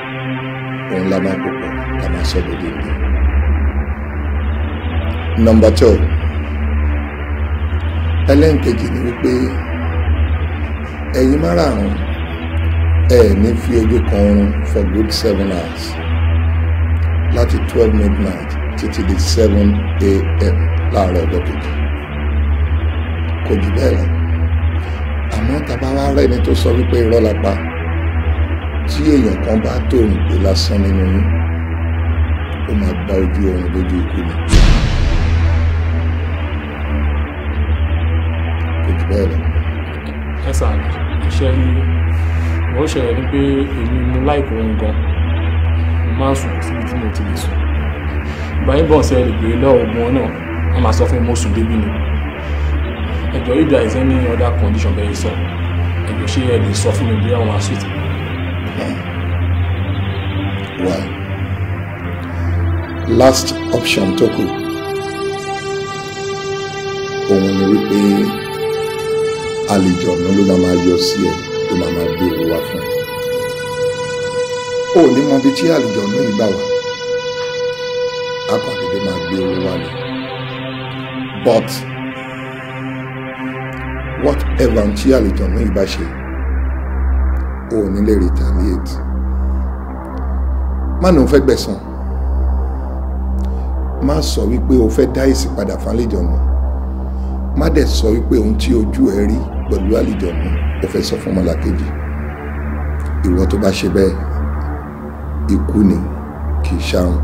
òun la máa pòpọ̀ la máa sọ lóde ìgbà number twelve ẹlẹ́nkejì ni wípé ẹ̀yin márààrún ẹ ní fi ojú kan oorun for good seven hours láti twelve midnight títí di seven a.m. láàárọ̀ ọjọ́ kejì kò jù bẹ́ẹ̀ lọ àmọ́ tàbá wá rẹ́ni tó sọ wípé irọ́ la pa tí èèyàn kan bá tó òǹgbẹ lásán nínú yín ó máa gba ojú oorun lójú ikú ni. bẹ́ẹ̀ lọ. ẹ sà ṣe rí wọ́n ṣẹlẹ̀ ní pé èmi mo láìpẹ́ ohun gan mo máa ń sùn síbi tí mo ti lè sùn báyìí bọ̀ ṣe lè gbé lọ́wọ́ gan náà wọ́n máa sọ fún mi mo sùn débi ni ẹjọ́ ìdá ìsẹ́ ní other condition bẹ́ẹ̀ sọ ẹjọ́ ṣé ẹ lè sọ fún mi bí àwọn aṣètì. well last option tó kù òun ni wípé àlejò ọ̀nà ló máa yọ sí ẹ ló máa máa gbé owó wá fún ẹ. ó ní mọ ibi tí àlejò ọ̀nà yìí bá wà àpàdédé máa gbé owó wá ni. but whatever tí àlejò ọ̀nà yìí bá ṣe ó ní lè retaliate. má ní o fẹ́ gbẹ̀san má sọ wípé o fẹ́ dá èsì padà fún àlejò ọ̀nà má dẹ̀ sọ wípé ohun tí ojú ẹ rí pẹ̀lú àlìjọ̀nù ó fẹ́ sọ fún ọmọlàkejì ìwọ tó bá ṣe bẹ́ẹ̀ ikú ni kì í ṣàrùn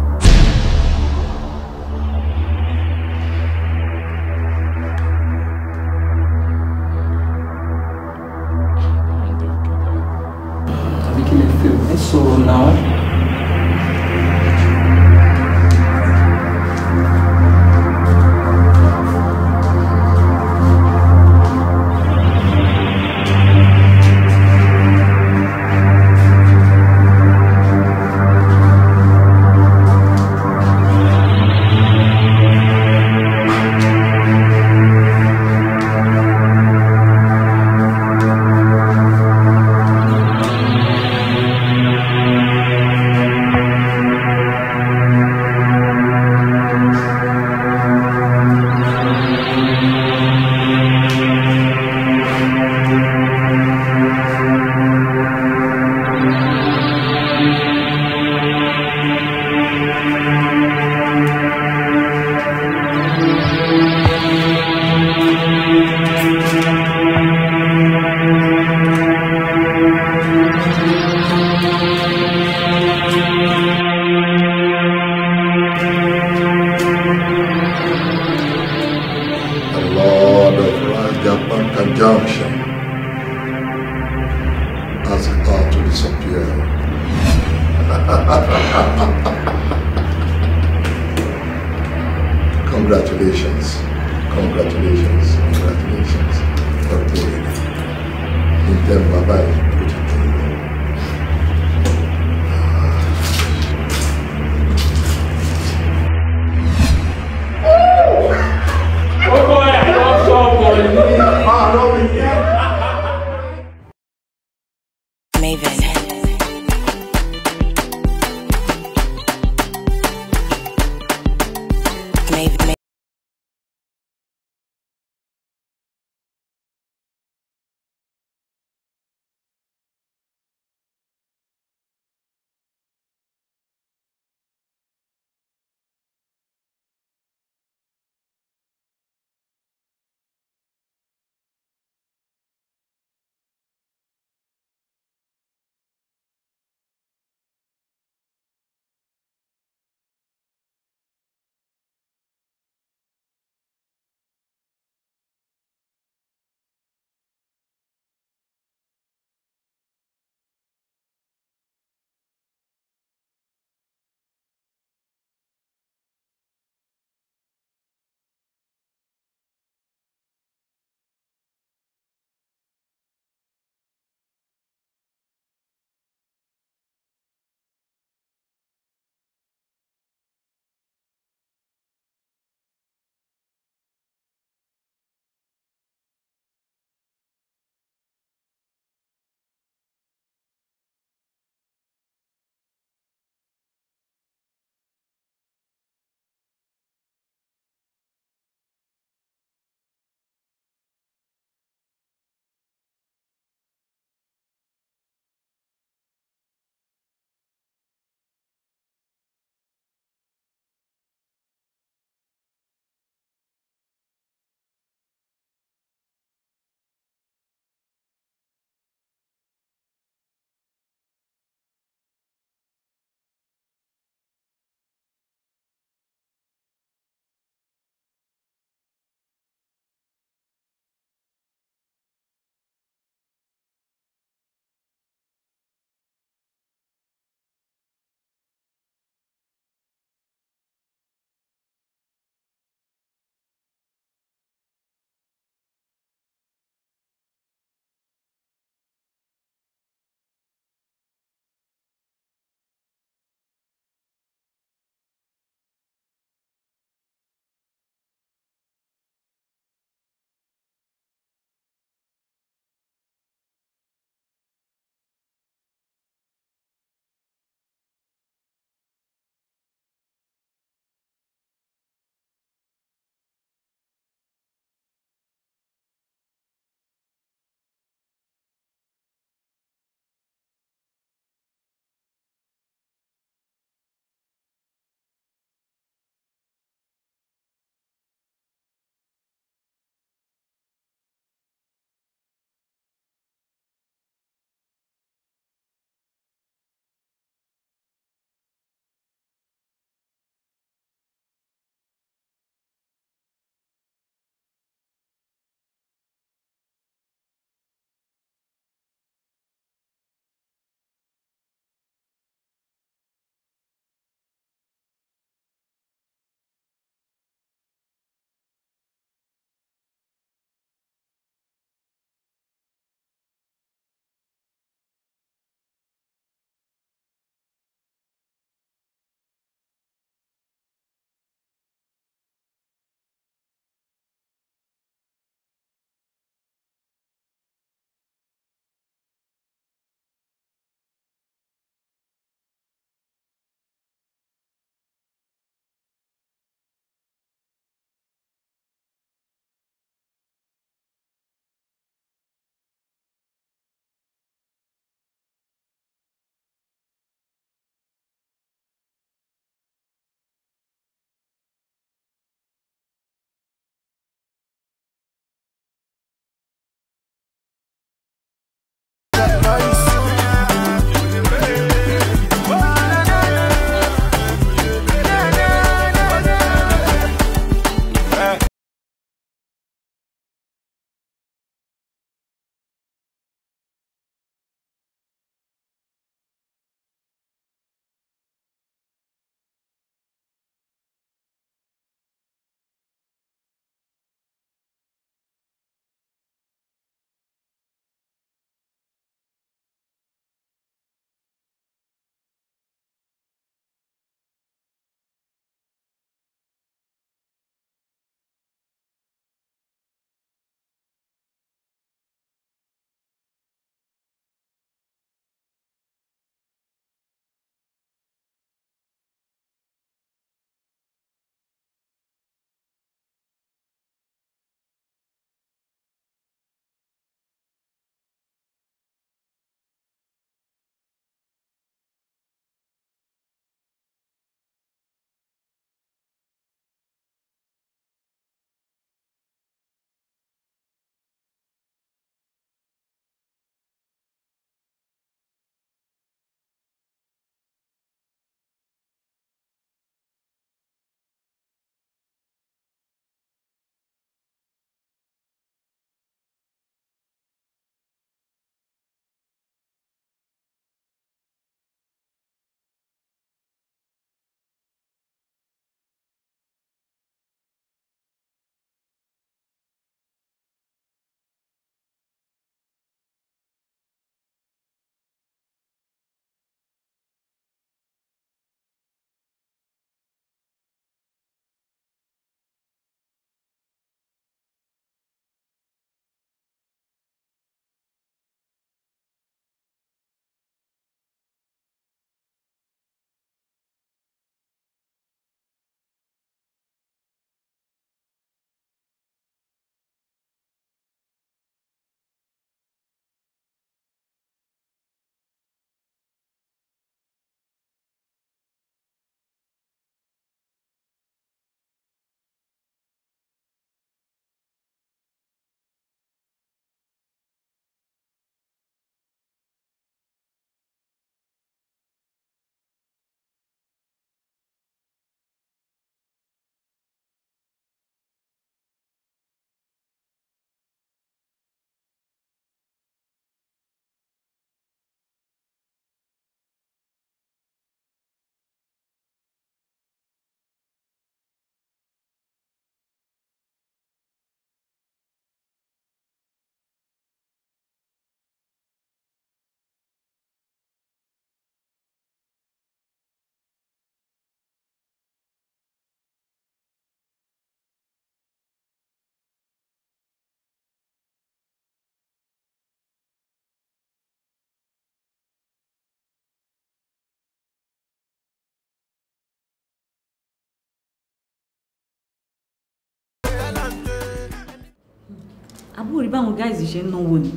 àbúrò rí báwọn guys ṣe ń náwó ni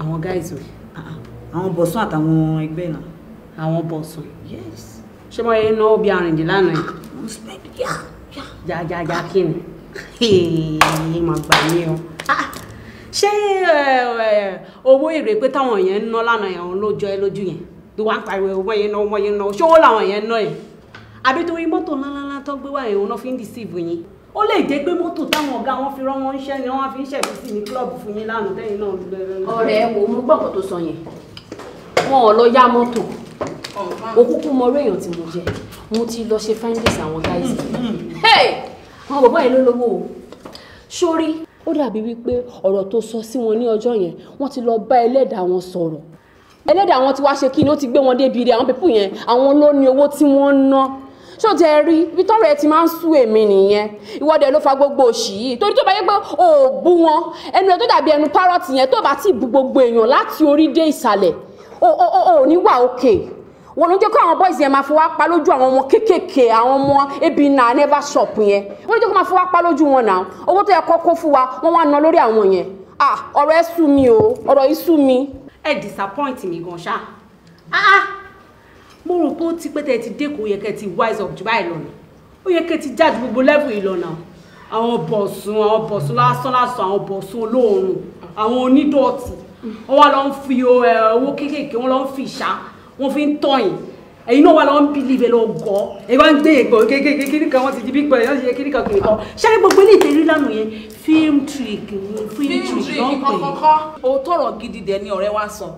àwọn guys o ah, ah. àwọn bọ̀sùn àtàwọn ẹgbẹ́ náà. àwọn bọ̀sùn. yes. ṣé wọ́n yẹ náwó bíi àrìndínlánà yìí. mo spend yá yá. jajaja kí ni màá gbà ní o ah, ṣé owó èrè pé táwọn yẹn ń ná lánàá yẹn òun ló jọ ẹ lójú yẹn bí wọ́n ń pariwo owó yẹn ná owó yẹn ná ṣé owó làwọn yẹn ń ná yẹn àbí torí mọ́tò ńláńlá tó gbé wá yẹn òun náà fi ń deceive yín ó lè jẹ́ pé mọ́tò táwọn ọ̀gá wọn fi rán wọn iṣẹ́ ni wọ́n fi ń ṣẹ̀fí sí ní kílọ̀bù fún yín lánàá lẹ́yìn náà. ọ̀rẹ́ wo mo gbọ́ nǹkan tó sọ yẹn wọn ò lọ yá mọ́tò òkúkú mọ orí èèyàn tí mo jẹ mo ti lọ ṣe findings àwọn guys àwọn bàbá yẹn ló lówó o sórí ó dàbí wípé ọ̀rọ̀ tó sọ sí wọn ní ọjọ́ yẹn wọ́n ti lọ bá ẹlẹ́dàá wọn sọ̀rọ̀ ẹlẹ́dàá wọn ti wá ṣe kí ni ó ti gbé wọn débi rẹ̀ àwọn pẹ̀pù yẹn àwọn ló ní owó tí wọ́n ń ná ṣé o tẹ rí ibi tọrọ ẹ ti máa ń sú èmi nìyẹn ìwọ́dẹ ló fa gbogbo òṣì yìí torí tó bá yẹ pé o ò bú wọn ẹnu ẹ tó dàbí ẹnu parrot yẹn tó bá ti bu gbogbo èèyàn láti orí dé ìsàlẹ̀ o o o ò ní wà òkè wọn ló jẹ́ kó àwọn boys yẹn máa fọwọ́ pa lójú àwọn ọmọ kéékèèké àwọn ọmọ ebi nà never shop yẹn wọn ló jẹ́ kó máa fọwọ́ pa lójú wọn náà owó tó yẹ kó kó fún wa wọn wá ná lórí àwọn yẹn ah ọ̀rọ̀ ẹ sú mi o ọ̀rọ̀ yìí sú mi. ẹ disappoint mi gan ṣá ah, ah mo rò pé ó ti pẹ́ tẹ́ ti dé kó yẹ kẹ́ ti wise up jù báyìí lọ ni ó yẹ kẹ́ ti jáde gbogbo level ìlọ́nà àwọn bọ̀sùn àwọn bọ̀sùn lásán lásán àwọn bọ̀sùn olóòórùn àwọn onídọ̀tí wọ́n wá lọ ń fi owó kéékèèké wọ́n lọ ń fi ìṣá wọ́n fi ń tọ̀yìn ẹ̀yin náà wà lọ ń bìlìfẹ̀ lọ gọ́ ẹ̀ wá ń gbé ègbò kéékèèké kí nìkan wọ́n ti di bí pẹ̀lú ẹ̀ ṣe kí nìkan kì í kọ́ ṣé gbogbo ilé ìtẹ̀rí lánàá yẹn fíìmù tìrìkì fíìmù tìrìkì lọ́pẹ̀. fíìmù tìrìkì kọ́kọ́kọ́ òótọ́ ọ̀rọ̀ gidi dẹ̀ ni ọ̀rẹ́ wa sọ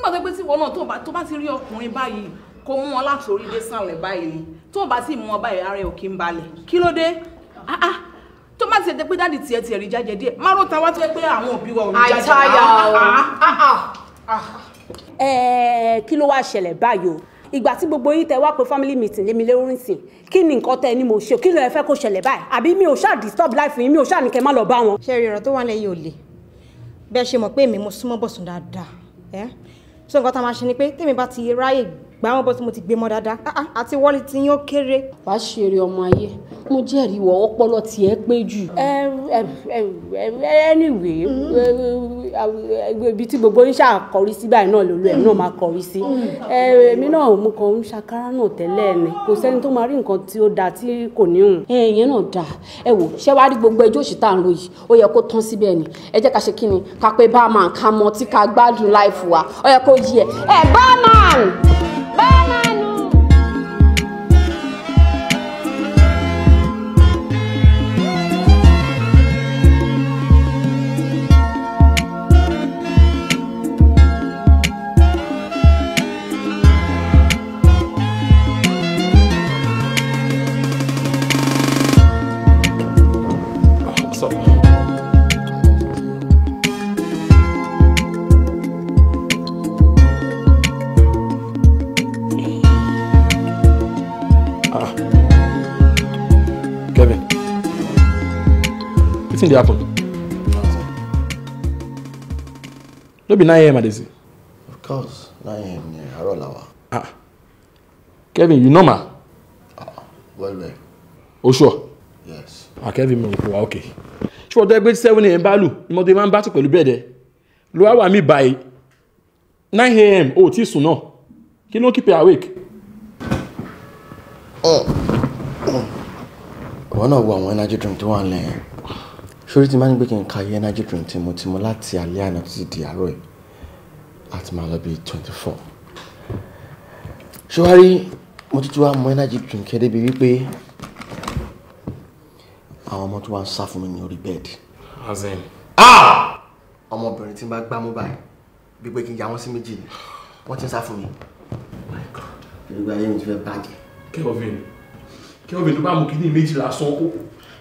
nígbà tó pé tí ìwọ náà tó bá ti rí ọkùnrin báyìí kó mú wọn láti orí dé sànlẹ̀ báyìí ni tó bá sì mú wọn báyìí ara ò kí ń balẹ̀ kí ló dé ah ah tó má ti ṣe pé dáàdì tiẹ̀ tiẹ̀ rí jájẹ díẹ̀ má ló ta wá tó yẹ pé àwọn òbí wa ò ní jájẹ àìtáyà o. ẹ̀ẹ́ kí ló wáá ṣẹlẹ̀ báyìí o ìgbà tí gbogbo yín tẹ wá pé family meeting lémi lórí sìn kí ni nǹkan tẹ ni mo ṣe kí ló ẹ fẹ́ kó ṣẹlẹ̀ báyìí àbí mi ò ṣáà disturb life yín mi ò ṣáà ní kẹ́ má lọ bá wọn. ṣe rí ọ̀rọ̀ tó wà lẹ́yìn ò lè bẹ́ẹ̀ ṣe mọ̀ pé èmi mo súnmọ́ bọ̀sùn dáadáa so nǹkan tá a máa ni pé tèmi bá ti ráyè gbà wọ́n bọ́ tí mo ti gbé mọ́ dáadáa àti wọ́ọ̀lì tí yín ó kéré. wàá ṣeré ọmọ ayé mo jẹ́rìí wọ ọpọlọ tiẹ̀ pé jù. anyway mm. eh, eh, ibi tí gbogbo ń ṣàkọrí sí báyìí náà lòlú ẹ̀ náà máa kọrí sí. èmi náà mo kàn ń ṣàkárá náà tẹ́lẹ̀ ni kò sẹ́ni tó máa rí nǹkan tí ó dáa tí kò ní hùn. ẹ̀yin eh, náà dáa ẹ wò ṣé wàá rí gbogbo ẹjọ́ òṣì tá à ń lo yìí ó yẹ kó tán síbẹ̀ ni ẹ jẹ́ ká ṣe kí ni ká pé bá a máa ká mọ tí ká gbádùn láìfù wa ó yẹ kó yí ẹ ẹ bá a máa. Bola! dey happen no be nine am i dey see. of course nine am ni àárọ̀ la wà. ah kevin you normal. ah well well. o sure. yes. ah kevin mi ò kó wa okay. ṣùgbọ́n tó ẹgbẹ́ seven am Balu. lù ni mo ti máa ń bá tó pẹ̀lú bẹ́ẹ̀ dẹ́ ló wá wà nine am o ti sùn náà kí ló keep you awake. ọ̀ oh. ọ̀ wọ́n náà wo àwọn energy drink tó wà lẹ́yìn ṣorí ti máa ń gbé kí n ka iye energy drink tí mo ti mu láti alẹ́ àná títí di àárọ̀ ẹ̀ àti máa lọ bí twenty four ṣọwárí mo tuntun wá mu energy drink ẹ débi wípé àwọn ọmọ tó wá ń sá fún mi ní orí bẹ́ẹ̀dì. Ah! Ah! ọmọbìnrin tí n bá gbá mú báyìí bí pé kí n ya wọn sí méjì ni wọ́n ti ń sá fún mi. ìrìgbà yẹn mi ti fẹ́ bàjẹ́. kẹ́ọ̀vin kẹ́ọ̀vin tó bá mú kí ní méjì lásán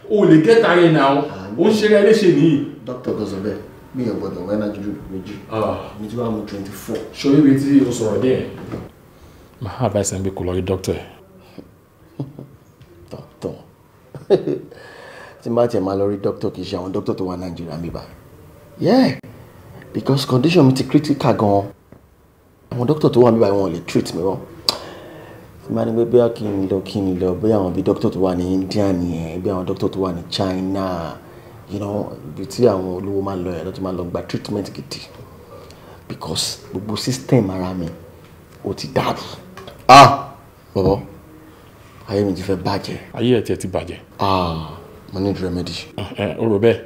o lè kẹta yẹn náà o ń ṣeré ẹlẹ́ṣe nìyí. dókítà tó sọ bẹ́ẹ̀ mi ò gbọ́dọ̀ wẹ́n náà jújù méjì ah. mi ti wá mu twenty four. ṣòro ibi tí o sọ̀rọ̀ dé My advice ẹ̀ ń bí kò lọ rí dókítà ẹ̀. dókítà *laughs* tí má tiẹ̀ máa lọ rí dókítà kì í ṣe àwọn dókítà tó wà nàìjíríà mi bá yeah because condition mi ti critical gan-an àwọn dókítà tó wà mi bá wọn ò lè treat mi wọ́n tí máa ní pé bóyá kí n lọ kí n lọ bóyá àwọn bíi dókítà tó wà ní India nìyẹn bóyá àwọn dókítà tó wà ní China you know ibi tí àwọn olówó máa ń lọ yẹn lọ́tún máa lọ gba treatment gidi because gbogbo system ara mi ó ti dàrú ah bọ̀bọ̀ ayé mi ti fẹ́ bàjẹ́. ayé ẹ̀ tiẹ̀ ti bàjẹ́. ah mo need remedy. ẹ eh, eh, o rò bẹ́ẹ̀.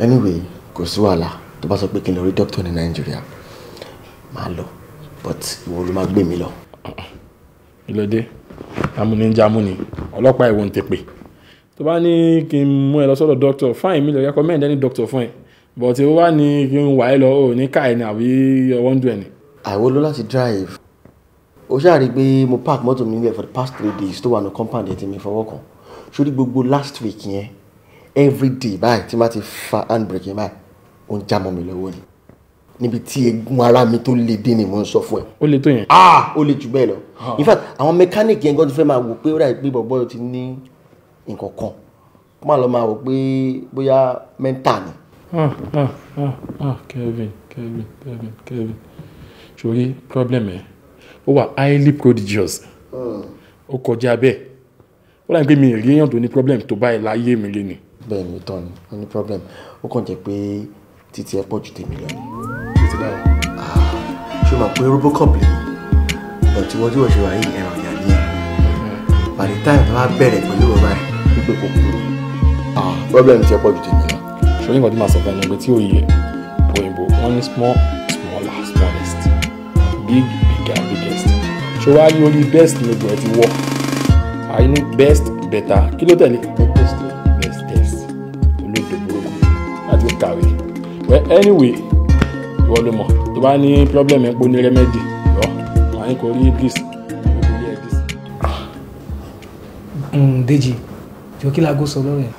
anyway kò sí wàhálà tó bá sọ pé kí n lọ rí dókítà ní Nàìjíríà máa lọ but ìwọ ló máa gbé mi lọ. Ah, ah ìlọdẹ amúnijámú ni ọlọ́pàá ìwọ̀n tèpè tó bá ní kí n mú ẹ lọ sọ́dọ̀ dókítà fáìn mi lè recommend any doctor fún ẹ but ó wá ní kí n wà ẹ lọ ò ní káì ní àbí ọwọ́n dùn ẹ ni. àìwọ́ ló láti drive ó ṣáà rí i pé mo park mọ́tò mi nílẹ̀ for the past three days tó wà ní compound ẹ̀ tí mi fọwọ́ kàn sórí gbogbo last week yẹn every day báyìí tí má ti fa handbrake yẹn báyìí ó ń já mọ́ mi lọ́wọ́ ni níbi tí egun ara mi tó le dé ni mo ń sọ fún ẹ. ó le tó yẹn. ah ó le jù bẹ́ẹ̀ lọ in fact àwọn mẹkáníìkì yẹn gan ti fẹ́ máa wò pé ó dàbí pé bọ̀bọ́ ti ní nǹkan kan kó má lọ máa wò pé bóyá mẹ́ńtà ni. ah ah ah ah Kevin Kevin Kevin Kevin sori problem ẹ ó wà highly prodigious O hmm. kọjá bẹ́ẹ̀ ó dàbí pé mi ì rí èèyàn tó ní problem tó báyìí láyé mi lé ni. bẹ́ẹ̀ni tán ni ó ní problem o kàn jẹ́ pé títí ẹ pọ̀ ju tèmi lọ ni. títí báwo. Ah, ṣé o máa pe robocop lè mú ọtí wọ́n tí wọ́n ṣe wà yìí ẹ̀rọ ìyá ni ẹ̀ mm-hmm. by time tó bá bẹ̀rẹ̀ pẹ̀lú bàbá ẹ̀ wípé kò kúrò. Ah, problem ti ẹ pọ̀ ju tèmi lọ. ṣòyìn nǹkan tí màá sọ fún ẹni pé tí òye òyìnbó wọn small smaller smallest big bigger biggest ṣé wàá rí orí best ni ìgbọ̀n ti wọ̀ àìní best better kí ló tẹ̀lé bestest olódò burúkú láti kàwé anyway ìwọ ló mọ̀ tó bá ní problem ẹ̀ pé ó ní rẹ́mẹ́dì lọ màá ní kò rí iblis kò rí iblis. Dèjì jọ kí lago sọ lọ́rọ̀ ẹ̀.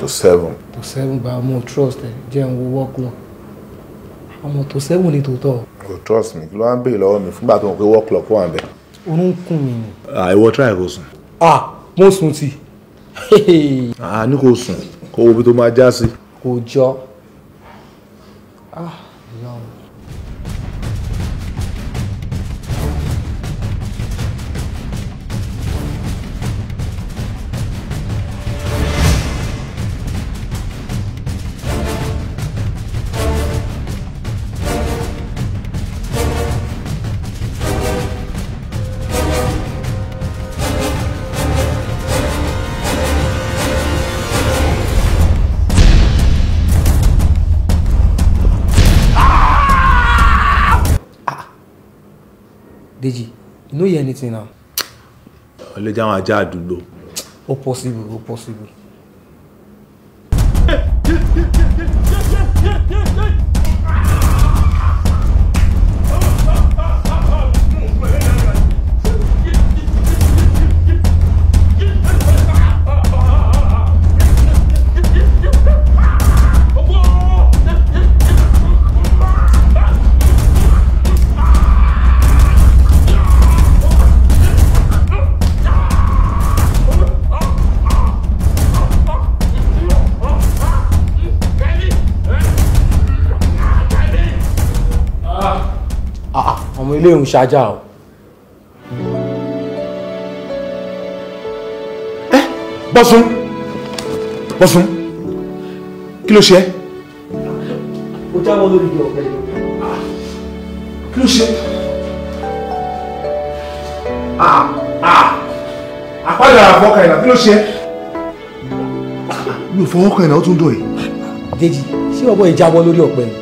to seven. to seven gba ọmọ trust ẹ jẹ́ ń wo work lọ ọmọ tó seven ni tòótọ́. kò trust mi kí ló wá ń béèrè lọ́wọ́ mi fúngbà tó mọ̀ pé work lọ fún wa bẹ́ẹ̀. orun kùn ni. àìwọ ah, try kò sùn. ah mo sùn tì. a ah, ní kò sùn kó wo bí tó máa já sí. kò jọ ah. Deji, you no hear anything now. Ọlẹ́jà àwọn ajá àdúgbò. Ó possible, ó possible. ilé ìrùn ṣáájà o. ẹ bọ́sùn bọ́sùn kí ló ṣe ẹ́. o jábọ́ lórí ìjọ ọ̀pẹ kí ló ṣe. àpáyọ̀ àfọkàn ìlà kí ló ṣe. mi ò fọwọ́ kan ó tún dùn yìí. Déjì ṣé ọ̀bọ ìjábọ́ lórí ọ̀pẹ ni.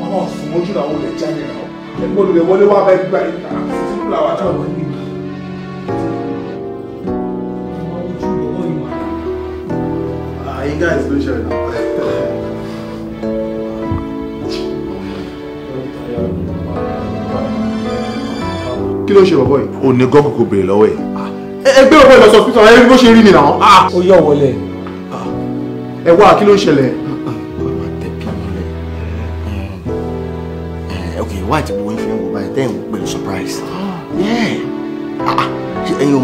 mama ojú làwọn olè jáde náà ẹgbẹ́ olùdè wọlé wà bẹ́ẹ̀ gbígbà ìta síkú làwọn àtàwọn ọmọ ìlú. Hey guys, don't share it now. kí ló ṣe bọ̀bọ̀ yìí. o ní gọ́ọ̀kù kò béèrè lọ́wọ́ ẹ̀. Ah, ẹgbẹ́ òpin lọ sọ hospital ẹ bó ṣe rí mi ah, ó yọ wọlé. Ah, ẹ wá kí ló ń ṣẹlẹ̀.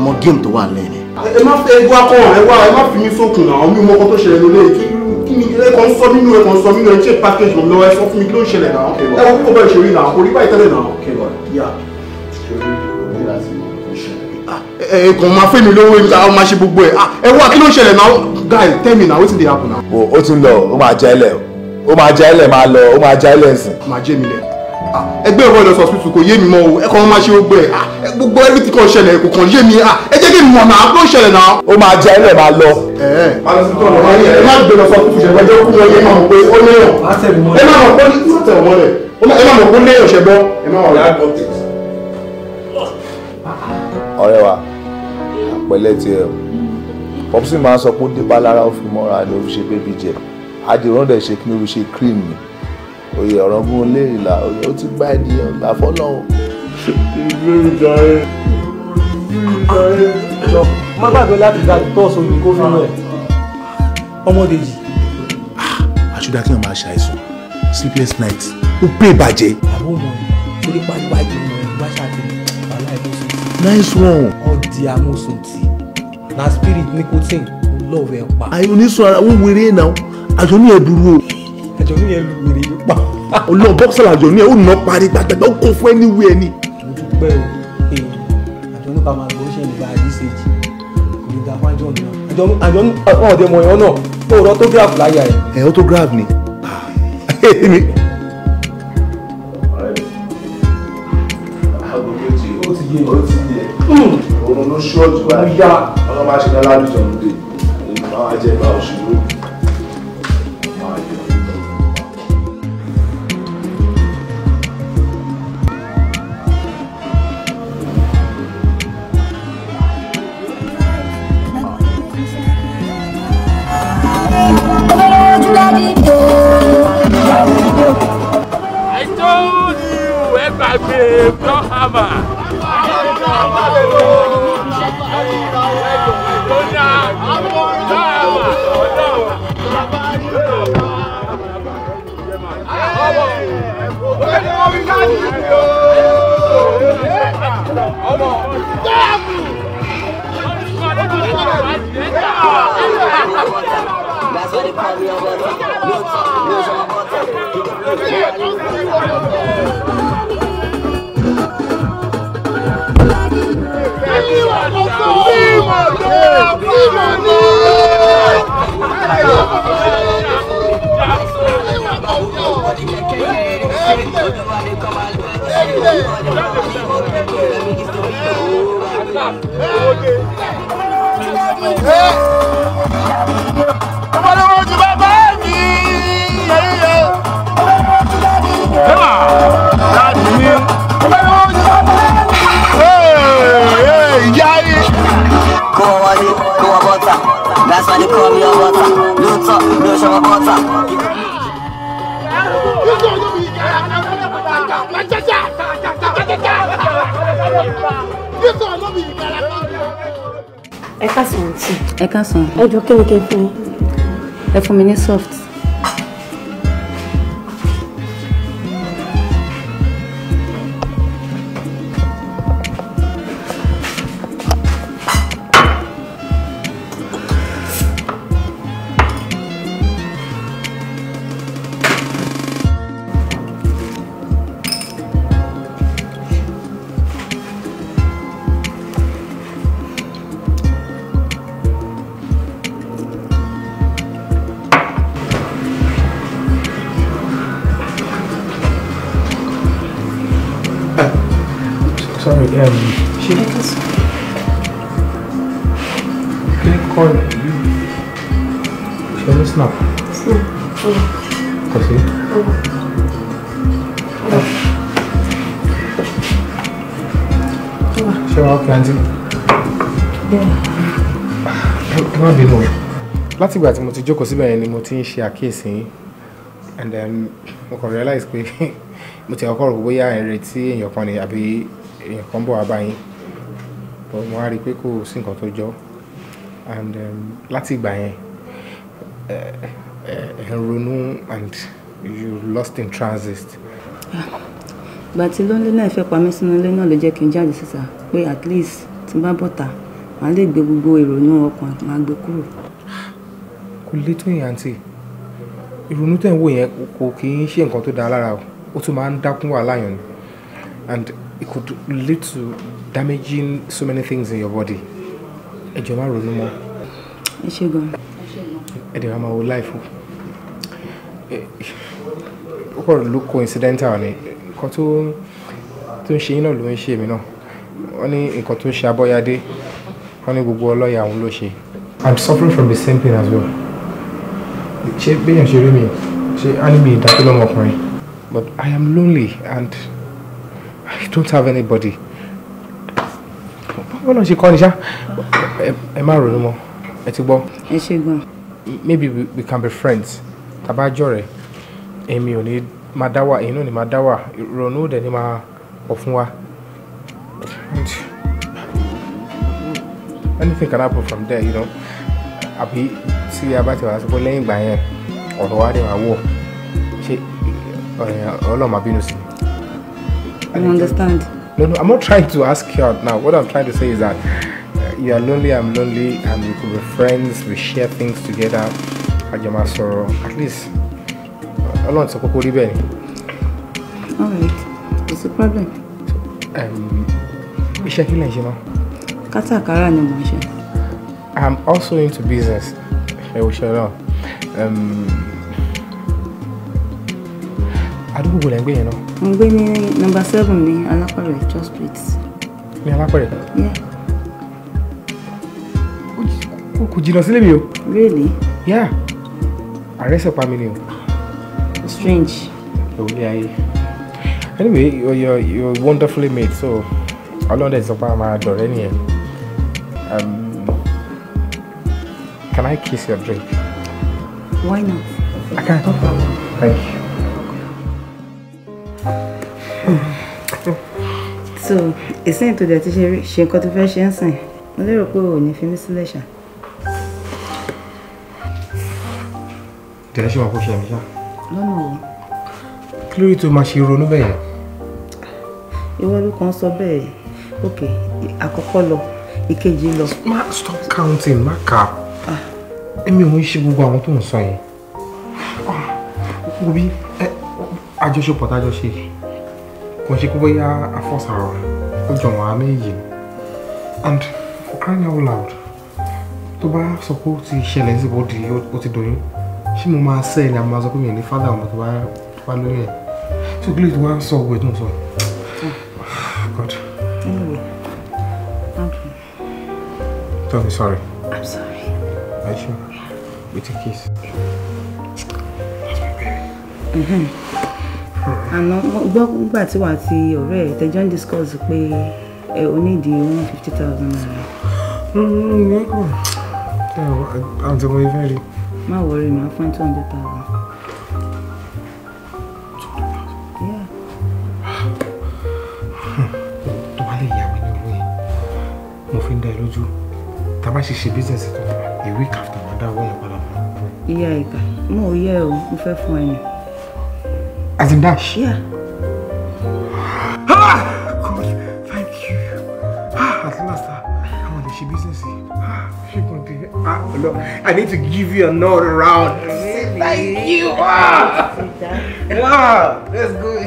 mọ géèmù tó wà lẹ́yìn. ẹ má fẹ́ ẹgbẹ́ akọ rẹ wá ẹ má fi mí sókun àwọn mi mọ ọkọ tó ṣẹlẹ̀ lólè kí mi ẹ kàn sọ nínú ẹ kàn sọ nínú ẹ jẹ́ package mọ̀ lọ́wọ́ ẹ sọ fún mi kí ló ń ṣẹlẹ̀ náà ẹ wọ́n kókó bẹ́ẹ̀ ṣorí náà orí báyìí tẹ́lẹ̀ náà. Ah, ẹ kàn máa fẹ́ mi lówó ẹ ọ máa ṣe gbogbo ẹ ah, ẹ wá kí ló ń ṣẹlẹ̀ náà guy tell me now wetin dey happen now. o ti ń lọ o máa jẹ́ ẹlẹ̀ o máa jẹ́ ẹlẹ̀ máa lọ o máa jẹ́ ẹlẹ̀ ẹ̀sìn. máa jẹ́ mi lẹ̀. Ah, ẹgbẹ́ ìwọ ìlọsọ hospital kò yé mi mọ́ o ẹ kàn máa ṣe ogbẹ́ ah, ẹ gbogbo everything kan ṣẹlẹ̀ kò kàn yé mi ah, ẹ jẹ́ kí n mọ̀ náà kó ṣẹlẹ̀ náà. ó máa jẹ ẹlẹ́ máa lọ. ẹ ẹ máa lọ sí tọ́lọ̀ máa yẹ ẹ má gbé lọ sọ fún ìṣẹ̀lẹ̀ ẹjọ́ kú wọn yé máa mọ̀ pé ó léèyàn ẹ má mọ̀ pé ní sọ̀tẹ̀ ọmọ rẹ̀ ẹ má mọ̀ pé ó léèyàn ṣẹgbọ́ ẹ má wọ̀ ọ̀rẹ́ wa àpẹẹlẹ tiẹ̀ o popsi máa sọ pé ó dé bá lára ó fi mọ́ra ló fi ṣe bébí jẹ àdìrún dẹ̀ ṣe kí ni ó fi ṣe cream ni oyè ọ̀rọ̀ gún olè ìlà oyè ó ti gbá ẹni àfọ́nà o. ìlú ìdarí ìlú ìdarí lọ. má gbàgbé láti gba tọ́ọ̀sì omi kó fún ẹ. ọmọdé yìí ah, àṣùdá kí wọn máa ṣàìsàn sleepless night ó pè bàjẹ́. àwọn ọmọ yìí torí pàjùpàjù ni wọn bá ṣàtìlẹyìn wàhálà ìbùsùn tì. nice one. ọ̀dì amósùn tì na spirit nicotine lọ́ọ̀fẹ́ pa. àyè oníṣòwò àwọn wèrè náà àjọ ní ẹ̀dúró o àjọ ní yẹn lu wèrè nípa. olóò bọ́ksà làjọ ní ẹ ó nà parí gbàgbẹ́gbẹ́ ó kó fún ẹ níwèé ẹni. mo dúpẹ́ o àjọ nípa máa gbọ́ ṣe nípa àdíṣèjì kò ní dá fájọ náà àjọ àjọ ọ̀dẹ mọ̀ ẹ̀họ́ náà ó rọ autograph láyà ẹ̀. ẹ̀ autograph ni ọ̀run ló ṣọ́ọ̀tù báyìí ọlọ́mọ àṣẹ náà lálùjọ ń dé ìgbà àjẹbà òṣèlú haba. Ọ̀dà dáàbà Hey! water, they call me a water. Loot up, no shower water. ẹ ká sàn ọtí. ẹ ká sàn. ẹ jọ kí ni kí n fún yín. ẹ fún mi ní soft. láti ìgbà tí mo ti jókòó síbẹ̀ yẹn ni mo ti ń ṣe àkíyèsí and then mo kàn realize pé *laughs* mo ti ọkọ̀ rò bóyá èrè tí èèyàn kan ni àbí èèyàn kan bọ̀ wá báyìí but mo wá rí i pé kò sí nǹkan tó jọ and um, láti ìgbà yẹn ẹ̀ ń ronú and you lost in transit. ìgbà tí lóńdé náà fẹ́ pa mí sínú ilé náà ló jẹ́ kí n jáde síta pé at least tí n bá bọ̀ta màá lè gbé gbogbo ìrònú ọkàn màá gbé kúrò kò lè tó yẹn àǹtí ìrònú tẹ̀ ń wò yẹn kò kì í ṣe nǹkan tó dáa lára o ó tún máa ń dákún wàhálà yẹn and it could lead to damaging so many things in your body ẹ jọ̀ọ́ má ronú mọ́. ẹ ṣe gan. ẹ dẹ̀ máa wo láìfò ó kọ̀ ló coincidental ni nǹkan tó tó ń ṣe yín náà ló ń ṣe èmi náà wọ́n ní nǹkan tó ń ṣe abọ́yádé wọ́n ní gbogbo ọlọ́yà òun ló ṣe. I'm suffering from the same pain as well ṣé béèyàn ṣe rí mi ṣé á ní mi ìdájọ́ lọ́mọkùnrin but I am lonely and I don't have anybody báwo náà ṣe kọ́ ni ṣá ẹ má ronú mọ́ ẹ ti gbọ́. ẹ ṣe gan. maybe we, we can be friends tàbá jọ̀rẹ́ èmi ò ní máa dá wà èyí náà ní máa dá wà ìrònú dẹ̀ ní máa pọ̀ fún wa. anything can happen from there you know àbí tí a bá ti wà lásìkò lẹ́yìn ìgbà yẹn ọ̀rọ̀ wa dẹ̀ wá wọ̀ ṣe ọlọ́mà bínú sí. I understand. No, no, I'm not trying to ask you out now. What I'm trying to say is that uh, you are lonely, I'm lonely, and we could be friends, we share things together, àjọmọ̀ sọ̀rọ̀, at least ọlọ́run sọ kókó rí bẹ́ẹ̀ ni. All right, it's a problem. Iṣẹ́ kí lẹ̀ ń ṣe mọ́? Kátàkárà ni mo ṣe. I'm also into business ẹ o ṣe náà àdúgbò wo lẹ ń gbé yẹn náà. mo ń gbé ní nọ́mbà seven ní alápẹ̀rẹ̀ church street. ní alápẹ̀rẹ̀. o kò jìnnà sílé mi o. really. yeah àrẹsẹ̀ pa mi ni o. strange. òwúlé ayé anyway you're, you're, you're wonderfully made so ọlọ́dẹ̀ sọ pé a máa dọ̀rẹ́ nìyẹn. Can I kiss your drink? Why not? I can't. Thank you. *sighs* so ìsìn tó dẹ̀ ti ṣe ṣe nǹkan tó fẹ́ ṣe ń sìn mo lérò pé o ò ní fi mí sílẹ̀ ṣá. tẹ̀lẹ́sì máa kó ṣe No. ṣá. lọ́nà to my lórí tó máa You want to ìwọ so kàn Okay, bẹ́ẹ̀ ok àkọ́kọ́ lọ ìkejì lọ. ma stop counting ma ah èmi ò ń ṣe gbogbo àwọn tó ń sọ yẹn ah, wòbí àjọṣepọ̀ tá a jọ ṣe kò ṣe kó bóyá àfọ́sàrọ̀ ó jọ wọn méjì and for crying out loud tó bá sọ pé ó ti ṣẹlẹ̀ sí bọ́ọ̀dì ó ti dòyún ṣé mo máa sẹ́ ẹ̀ ni a máa sọ pé mi ò ní fádà ọmọ tó bá lóyún ẹ̀ tí o gílẹ̀ tó wá ń sọ ọgbẹ́ tó ń sọ. *sighs* God. Anyway, thank Tell me sorry. I'm sorry. Are you sure? with a kiss. That's my baby. Mm-hmm. Àná gbọ́ gbà tí wàá ti ọ̀rẹ́ ẹ̀ tẹjọ́ ń discuss pé ẹ ò ní di one fifty thousand naira. Ìyẹn kò àǹtí mo fẹ́ rí. Má wọrí màá fún two hundred thousand. Tó bá lè yàwé ní owó yẹn, mo fi ń dá a week after ìyá ìkà mo ò yẹ o mo fẹ́ fún ẹni. as in dash. Yeah. Ah! God, thank you. Ah, at last, ah, àwọn lè ṣe business Ah, ṣé kò dé? Ah, no, I need to give you another round. Really? Thank you. Ah, ah that's good.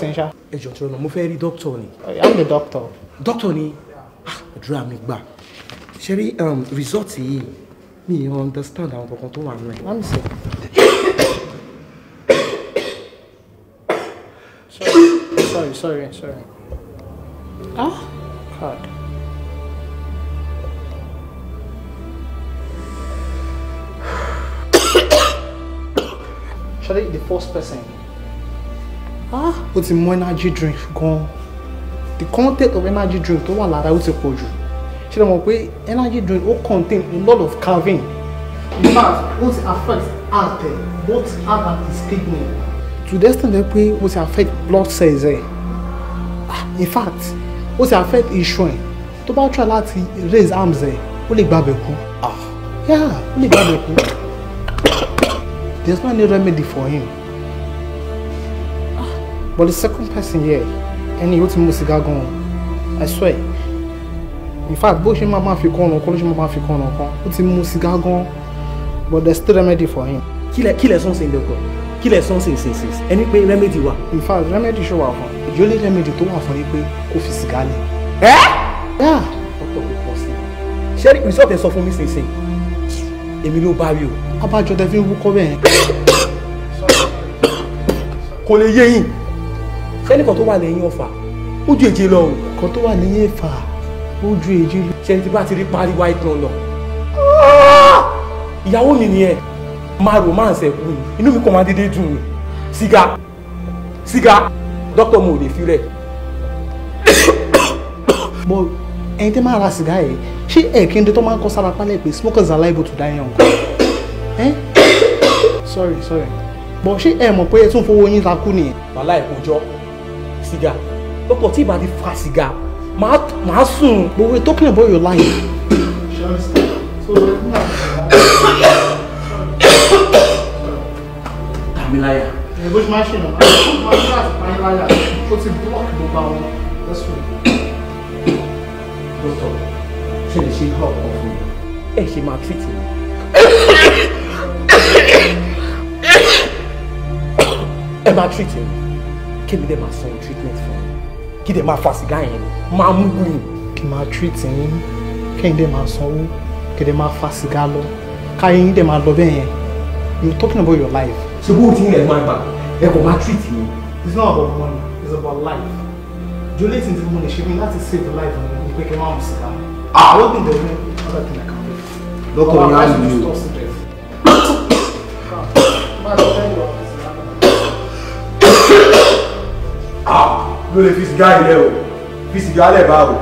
nísìnyí ṣá. ẹ jọ tí wọn mo fẹ́ rí dókítà ni. i'm the doctor. dókítà ni ah, àdúrà mi gbà ṣe rí um, result yìí mi ì understand àwọn kankan tó wà nù ẹ. lámì sọ. sorry sorry sorry. ah god. actually the first person ah ó ti mú energy drink gan the content of energy drink tó wà lára ó ti pọ̀ jù ṣe lè mọ̀ pé energy drink ó contain a lot of caffeine in fact ó ti affect heart both heart and kidney to the extent that pé ó ti affect blood cells ẹ̀ ah, in fact ó ti affect iṣan ẹ̀ tó bá try láti raise arms ẹ̀ ó lè gbàbẹ̀ kú ah. yeah ó lè gbàbẹ̀ kú there is no any remedy for him. But the second person here, any yóò ti mú sìgá I swear. In fact, both him and my fi kọ́ ọ̀nà kan ló ṣe máa máa fi kọ́ ọ̀nà kan. Ó ti mú sìgá gan-an. But there's still remedy for him. Kílẹ̀ kílẹ̀ sọ́n sí ìdọ̀kọ̀. Kílẹ̀ sọ́n sí ìsinsìn. Ẹni pé remedy wà. In fact, remedy ṣe wà fún. Ìjọ́lé remedy tó wà fún ni pé kó fi sìgá lẹ̀. Ẹ́ yá. Ọ̀tọ̀ kò pọ̀ sí. Ṣé result ẹ sọ fún mi sínsìn? Èmi ló bá rí o. Abájọ tẹ fi ń wúkọ́ bẹ́ẹ̀. Kò lè yé yín sẹ́nìkan tó wà lẹ́yìn ọ̀fà ojú èjì lọ o kan tó wà lẹ́yìn ẹ̀fà ojú èjì lọ ṣẹ́ni tí bá ti rí parí white lọ lọ ìyàwó mi nìyẹn máa romance ẹ̀ kú ni inú mi kàn máa dédé dùn ni sìgá sìgá dókítà mo ò lè fi rẹ̀. bọ́ ẹni tẹ́ máa ra sìgá yìí ṣé ẹ̀kẹ́ndé tó máa ń kọ́ sára pálẹ̀ pé smokers are liable to die young. sorry sorry bọ̀ ṣé ẹ mọ̀ pé ẹ tún fowó yín takú nìyẹn. wàhálà ẹ̀kọ́ jọ́ sìgá lọ́pọ̀ tí ìbá ti fa sìgá màá sùn gbogbo ètò kìlọ̀ bọ́ yóò láyé. Tàmíláyà. Bó ṣe máa ṣe nà, máa ṣe láti pa yín láyà, ó ti búlọ́ọ̀kì gbogbo àwọn lẹ́sùn. Dọ́tọ̀, ṣe lè ṣe hàn kan fún mi. Ẹ ṣe máa tìtì mi. *coughs* Ẹ máa tìtì mi kémi dẹ̀ máa san treatment fún un kí dẹ̀ fa sìgá yẹn máa mú gùn. kí máa treat yín kẹ́yìn dẹ̀ máa sanwó kí dẹ̀ máa fa sìgá lọ káyé yín dẹ̀ máa lọ bẹ́ẹ̀ yẹn you talking about your life. So bó o ti ń lẹ̀ máa gbà ẹ treat yín. it's not about money it's about life. jolly to money, she mean mi láti save the life of mi pé kí n máa mú sìgá. àwọn òbí ìdẹ̀wé ọ̀dà tí mo kà wọ́n. lọ́kọ̀ọ́ yà á lù ló lè fi sìgá ilẹ̀ o fi sìgá lẹ̀ bá o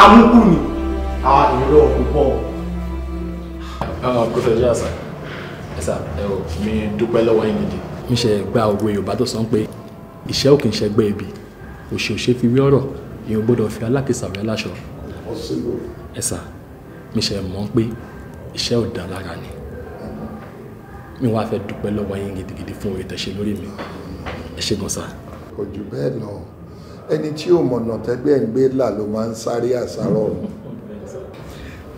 amúkú ni èrò púpọ̀. Professor Jasa ẹ̀sà ẹ o mi dúpẹ́ lọ́wọ́ yín gidi. mi ṣe gba òwe Yorùbá tó sọ pé ìṣẹ́ òkè ń ṣẹgbẹ́ ibi òṣè òṣè fi wí ọ̀rọ̀ èèyàn gbọ́dọ̀ fi alákìsà rẹ láṣọ. ẹ̀sà mi ṣe mọ̀ pé iṣẹ́ ò dá lára ni mi wá fẹ́ dúpẹ́ lọ́wọ́ yín gidigidi fún oore tẹ̀ṣe lórí mi ẹ ṣé gan sáà kò jù bẹ́ẹ̀ lọ ẹni tí ò mọ̀nà tẹ́gbẹ́ ń gbé là ló máa ń sáré àsárọ̀.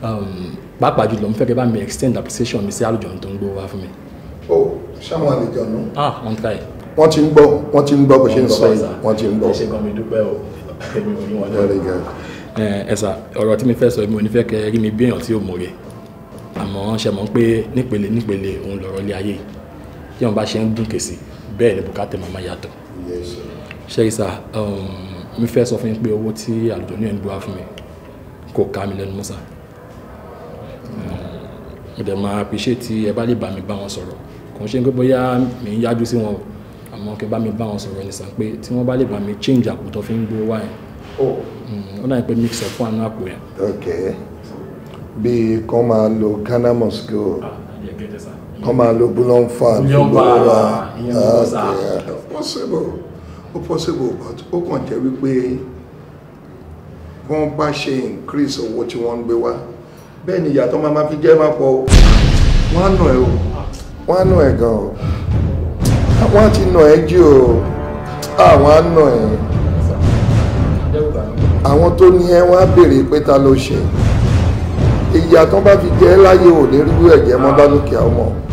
Um, pàápàá jùlọ mo fẹ́ kí ẹ bá mi extend appreciation mi sí àlùjọ tó ń gbówó wá fún mi. o ṣáwọn àlejò nù. ah wọ́n try. wọ́n ti ń gbọ́ wọ́n ti ń gbọ́ bó ṣe ń sọ yìí wọ́n ti ń gbọ́. ṣé o èmi ò ní wọn lọ. ẹ sà ọ̀rọ̀ tí mi fẹ́ sọ èmi ò ní fẹ́ kẹ́ rí mi bí èèyàn tí ò mọ̀re àmọ́ ṣe mọ̀ pé nípele nípele òun lọ̀rọ̀ ilé ayé tí wọn bá ṣe ń dúnkè sí bẹ́ẹ̀ ni bùkátà máa máa yàtọ̀. yes sir ṣẹ́rí sá um, mi fẹ́ sọ fún yín pé owó tí àlùjọ ní ẹ̀ ń gbọ́ fún mi kò ká mi lẹ́nu mọ́sá mo dẹ̀ máa appreciate tí ẹ bá lè bá mi bá wọn sọ̀rọ̀ kò ń ṣe pé bóyá mi ń yájú sí wọn o àmọ́ kí n bá mi bá wọn sọ̀rọ̀ ní sàn pé tí wọ́n bá lè bá mi change àpò tó fi ń gbowó wá yẹn oh. hmm, ó náà pé mix up fún àánú àpò yẹn. ok bí kán máa lo Ghana mosque o ah, kán máa lo bulon fan gbogbo wa ok possible ó possible but ó kàn jẹ́ wípé wọ́n bá ṣe increase owó tí wọ́n ń gbé wá bẹ́ẹ̀ ni ìyàtọ̀ máa ma fi jẹ́ máa pọ̀ wọ́n á nà ẹ́ o wọ́n á nà ẹ́ gan o wọ́n á ti nà ẹ́ jí o àwọn á nà ẹ́ àwọn tó ní ẹ wọ́n á béèrè pé ta ló ṣe ìyàtọ̀ bá fi jẹ́ láyé ò ní rí ẹ̀jẹ̀ mọ́ bá lókè àwọn ọmọ.